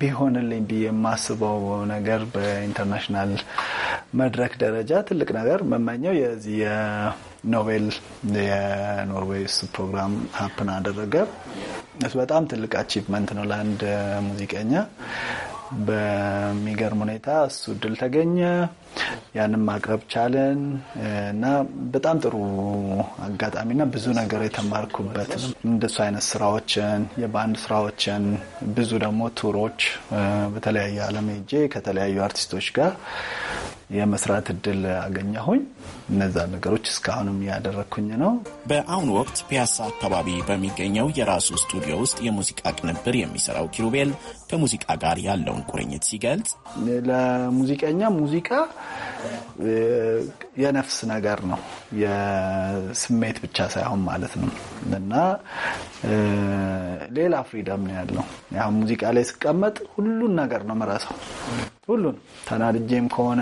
ቢሆንልኝ ብዬ የማስበው ነገር በኢንተርናሽናል መድረክ ደረጃ ትልቅ ነገር መመኘው የዚህ የኖቤል የኖርዌይስ ፕሮግራም ሀፕን አደረገ። እሱ በጣም ትልቅ አቺቭመንት ነው ለአንድ ሙዚቀኛ። በሚገርም ሁኔታ እሱ እድል ተገኘ፣ ያንም ማቅረብ ቻለን እና በጣም ጥሩ አጋጣሚና ብዙ ነገር የተማርኩበት እንደሱ አይነት ስራዎችን የባንድ ስራዎችን ብዙ ደግሞ ቱሮች በተለያየ ዓለም ሄጄ ከተለያዩ አርቲስቶች ጋር የመስራት እድል አገኘሁኝ። እነዛ ነገሮች እስካሁንም ያደረግኩኝ ነው። በአሁኑ ወቅት ፒያሳ አካባቢ በሚገኘው የራሱ ስቱዲዮ ውስጥ የሙዚቃ ቅንብር የሚሰራው ኪሩቤል ከሙዚቃ ጋር ያለውን ቁርኝት ሲገልጽ ለሙዚቀኛ ሙዚቃ የነፍስ ነገር ነው፣ የስሜት ብቻ ሳይሆን ማለት ነው እና ሌላ ፍሪደም ነው ያለው። ያው ሙዚቃ ላይ ስቀመጥ ሁሉን ነገር ነው የምረሳው። ሁሉን ተናድጄም ከሆነ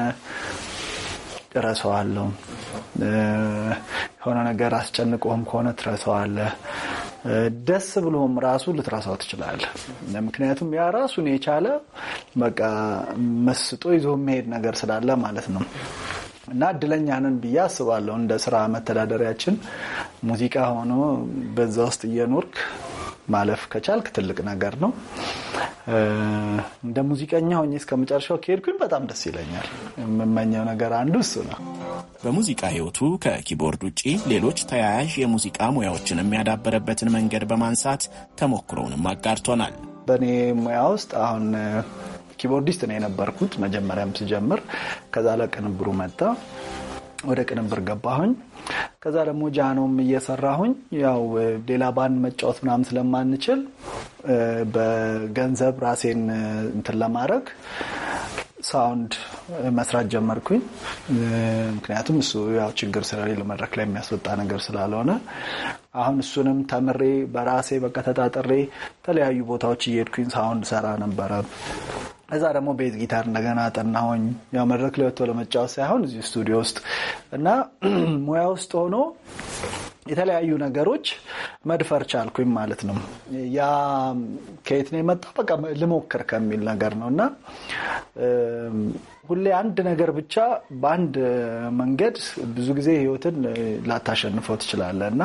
እረሳዋለሁ። የሆነ ነገር አስጨንቆህም ከሆነ ትረሳዋለህ። ደስ ብሎም ራሱ ልትረሳው ትችላለህ። ምክንያቱም ያ ራሱን የቻለ በቃ መስጦ ይዞ የሚሄድ ነገር ስላለ ማለት ነው። እና እድለኛ ነን ብዬ አስባለሁ። እንደ ስራ መተዳደሪያችን ሙዚቃ ሆኖ በዛ ውስጥ እየኖርክ ማለፍ ከቻልክ ትልቅ ነገር ነው። እንደ ሙዚቀኛ ሆኜ እስከ መጨረሻው ከሄድኩኝ በጣም ደስ ይለኛል። የምመኘው ነገር አንዱ እሱ ነው። በሙዚቃ ህይወቱ ከኪቦርድ ውጪ ሌሎች ተያያዥ የሙዚቃ ሙያዎችን የሚያዳበረበትን መንገድ በማንሳት ተሞክሮውንም አጋርቶናል። በእኔ ሙያ ውስጥ አሁን ኪቦርዲስት ነው የነበርኩት መጀመሪያም ስጀምር። ከዛ ለቅንብሩ መጣ፣ ወደ ቅንብር ገባሁኝ። ከዛ ደግሞ ጃኖም እየሰራሁኝ ያው ሌላ ባንድ መጫወት ምናምን ስለማንችል በገንዘብ ራሴን እንትን ለማድረግ ሳውንድ መስራት ጀመርኩኝ። ምክንያቱም እሱ ያው ችግር ስለሌለ መድረክ ላይ የሚያስወጣ ነገር ስላልሆነ አሁን እሱንም ተምሬ በራሴ በቃ ተጣጥሬ የተለያዩ ቦታዎች እየሄድኩኝ ሳውንድ ሰራ ነበረ። እዛ ደግሞ ቤት ጊታር እንደገና ጠናሆኝ ያው መድረክ ላይ ወጥቶ ለመጫወት ሳይሆን እዚህ ስቱዲዮ ውስጥ እና ሙያ ውስጥ ሆኖ የተለያዩ ነገሮች መድፈር ቻልኩኝ ማለት ነው። ያ ከየት ነው የመጣ? በቃ ልሞክር ከሚል ነገር ነው እና ሁሌ አንድ ነገር ብቻ በአንድ መንገድ ብዙ ጊዜ ህይወትን ላታሸንፈው ትችላለህ እና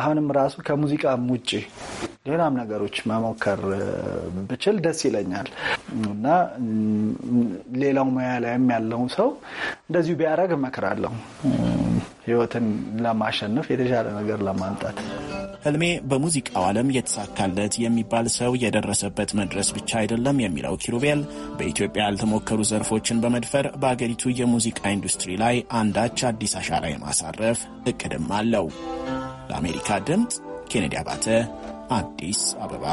አሁንም ራሱ ከሙዚቃም ውጭ ሌላም ነገሮች መሞከር ብችል ደስ ይለኛል እና ሌላው ሙያ ላይም ያለው ሰው እንደዚሁ ቢያደርግ እመክራለሁ። ህይወትን ለማሸነፍ የተሻለ ነገር ለማምጣት ህልሜ በሙዚቃው ዓለም የተሳካለት የሚባል ሰው የደረሰበት መድረስ ብቻ አይደለም የሚለው ኪሩቤል በኢትዮጵያ ያልተሞከሩ ዘርፎችን በመድፈር በአገሪቱ የሙዚቃ ኢንዱስትሪ ላይ አንዳች አዲስ አሻራ የማሳረፍ እቅድም አለው። ለአሜሪካ ድምፅ ኬኔዲ አባተ አዲስ አበባ።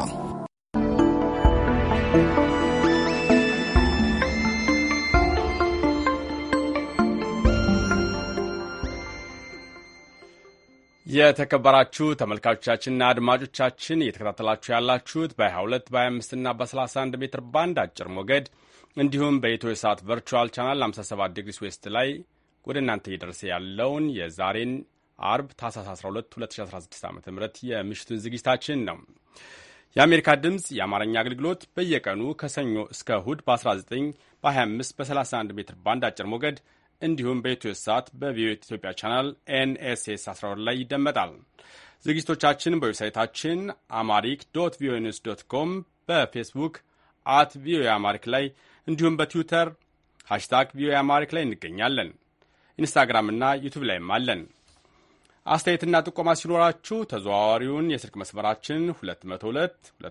የተከበራችሁ ተመልካቾቻችንና አድማጮቻችን እየተከታተላችሁ ያላችሁት በ22 በ25ና በ31 ሜትር ባንድ አጭር ሞገድ እንዲሁም በኢትዮ ሳት ቨርቹዋል ቻናል 57 ዲግሪስ ዌስት ላይ ወደ እናንተ እየደረሰ ያለውን የዛሬን አርብ ታህሳስ 12 2016 ዓ ም የምሽቱን ዝግጅታችን ነው። የአሜሪካ ድምፅ የአማርኛ አገልግሎት በየቀኑ ከሰኞ እስከ እሁድ በ19 በ25 በ31 ሜትር ባንድ አጭር ሞገድ እንዲሁም በኢትዮ ሰዓት በቪኦኤ ኢትዮጵያ ቻናል ኤንኤስኤስ 12 ላይ ይደመጣል። ዝግጅቶቻችን በዌብሳይታችን አማሪክ ዶት ቪኦኤ ኒውስ ዶት ኮም በፌስቡክ አት ቪኦኤ አማሪክ ላይ እንዲሁም በትዊተር ሃሽታግ ቪኦኤ አማሪክ ላይ እንገኛለን። ኢንስታግራምና ዩቱብ ላይም አለን። አስተያየትና ጥቆማ ሲኖራችሁ ተዘዋዋሪውን የስልክ መስመራችን 202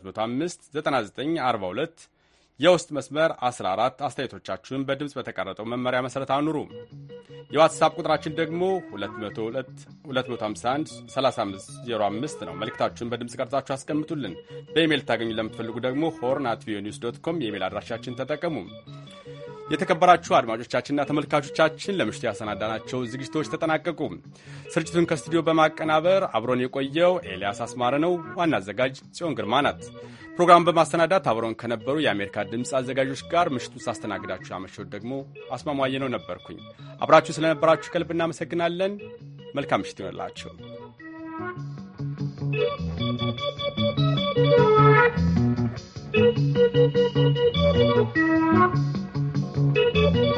205 9942 የውስጥ መስመር 14 አስተያየቶቻችሁን በድምፅ በተቀረጠው መመሪያ መሠረት አኑሩ። የዋትሳፕ ቁጥራችን ደግሞ 202253505 ነው። መልእክታችሁን በድምፅ ቀርጻችሁ አስቀምጡልን። በኢሜይል ልታገኙ ለምትፈልጉ ደግሞ ሆርን አት ቪኦኤ ኒውስ ዶት ኮም የኢሜይል አድራሻችን ተጠቀሙ። የተከበራችሁ አድማጮቻችንና ተመልካቾቻችን ለምሽቱ ያሰናዳናቸው ዝግጅቶች ተጠናቀቁ። ስርጭቱን ከስቱዲዮ በማቀናበር አብሮን የቆየው ኤልያስ አስማረ ነው። ዋና አዘጋጅ ጽዮን ግርማ ናት። ፕሮግራም በማሰናዳት አብሮን ከነበሩ የአሜሪካ ድምፅ አዘጋጆች ጋር ምሽቱ ሳስተናግዳችሁ ያመሸሁት ደግሞ አስማማየ ነው ነበርኩኝ። አብራችሁ ስለነበራችሁ ከልብ እናመሰግናለን። መልካም ምሽት ይሆንላችሁ።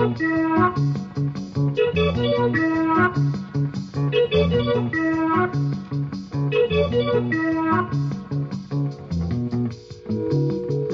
Thank you.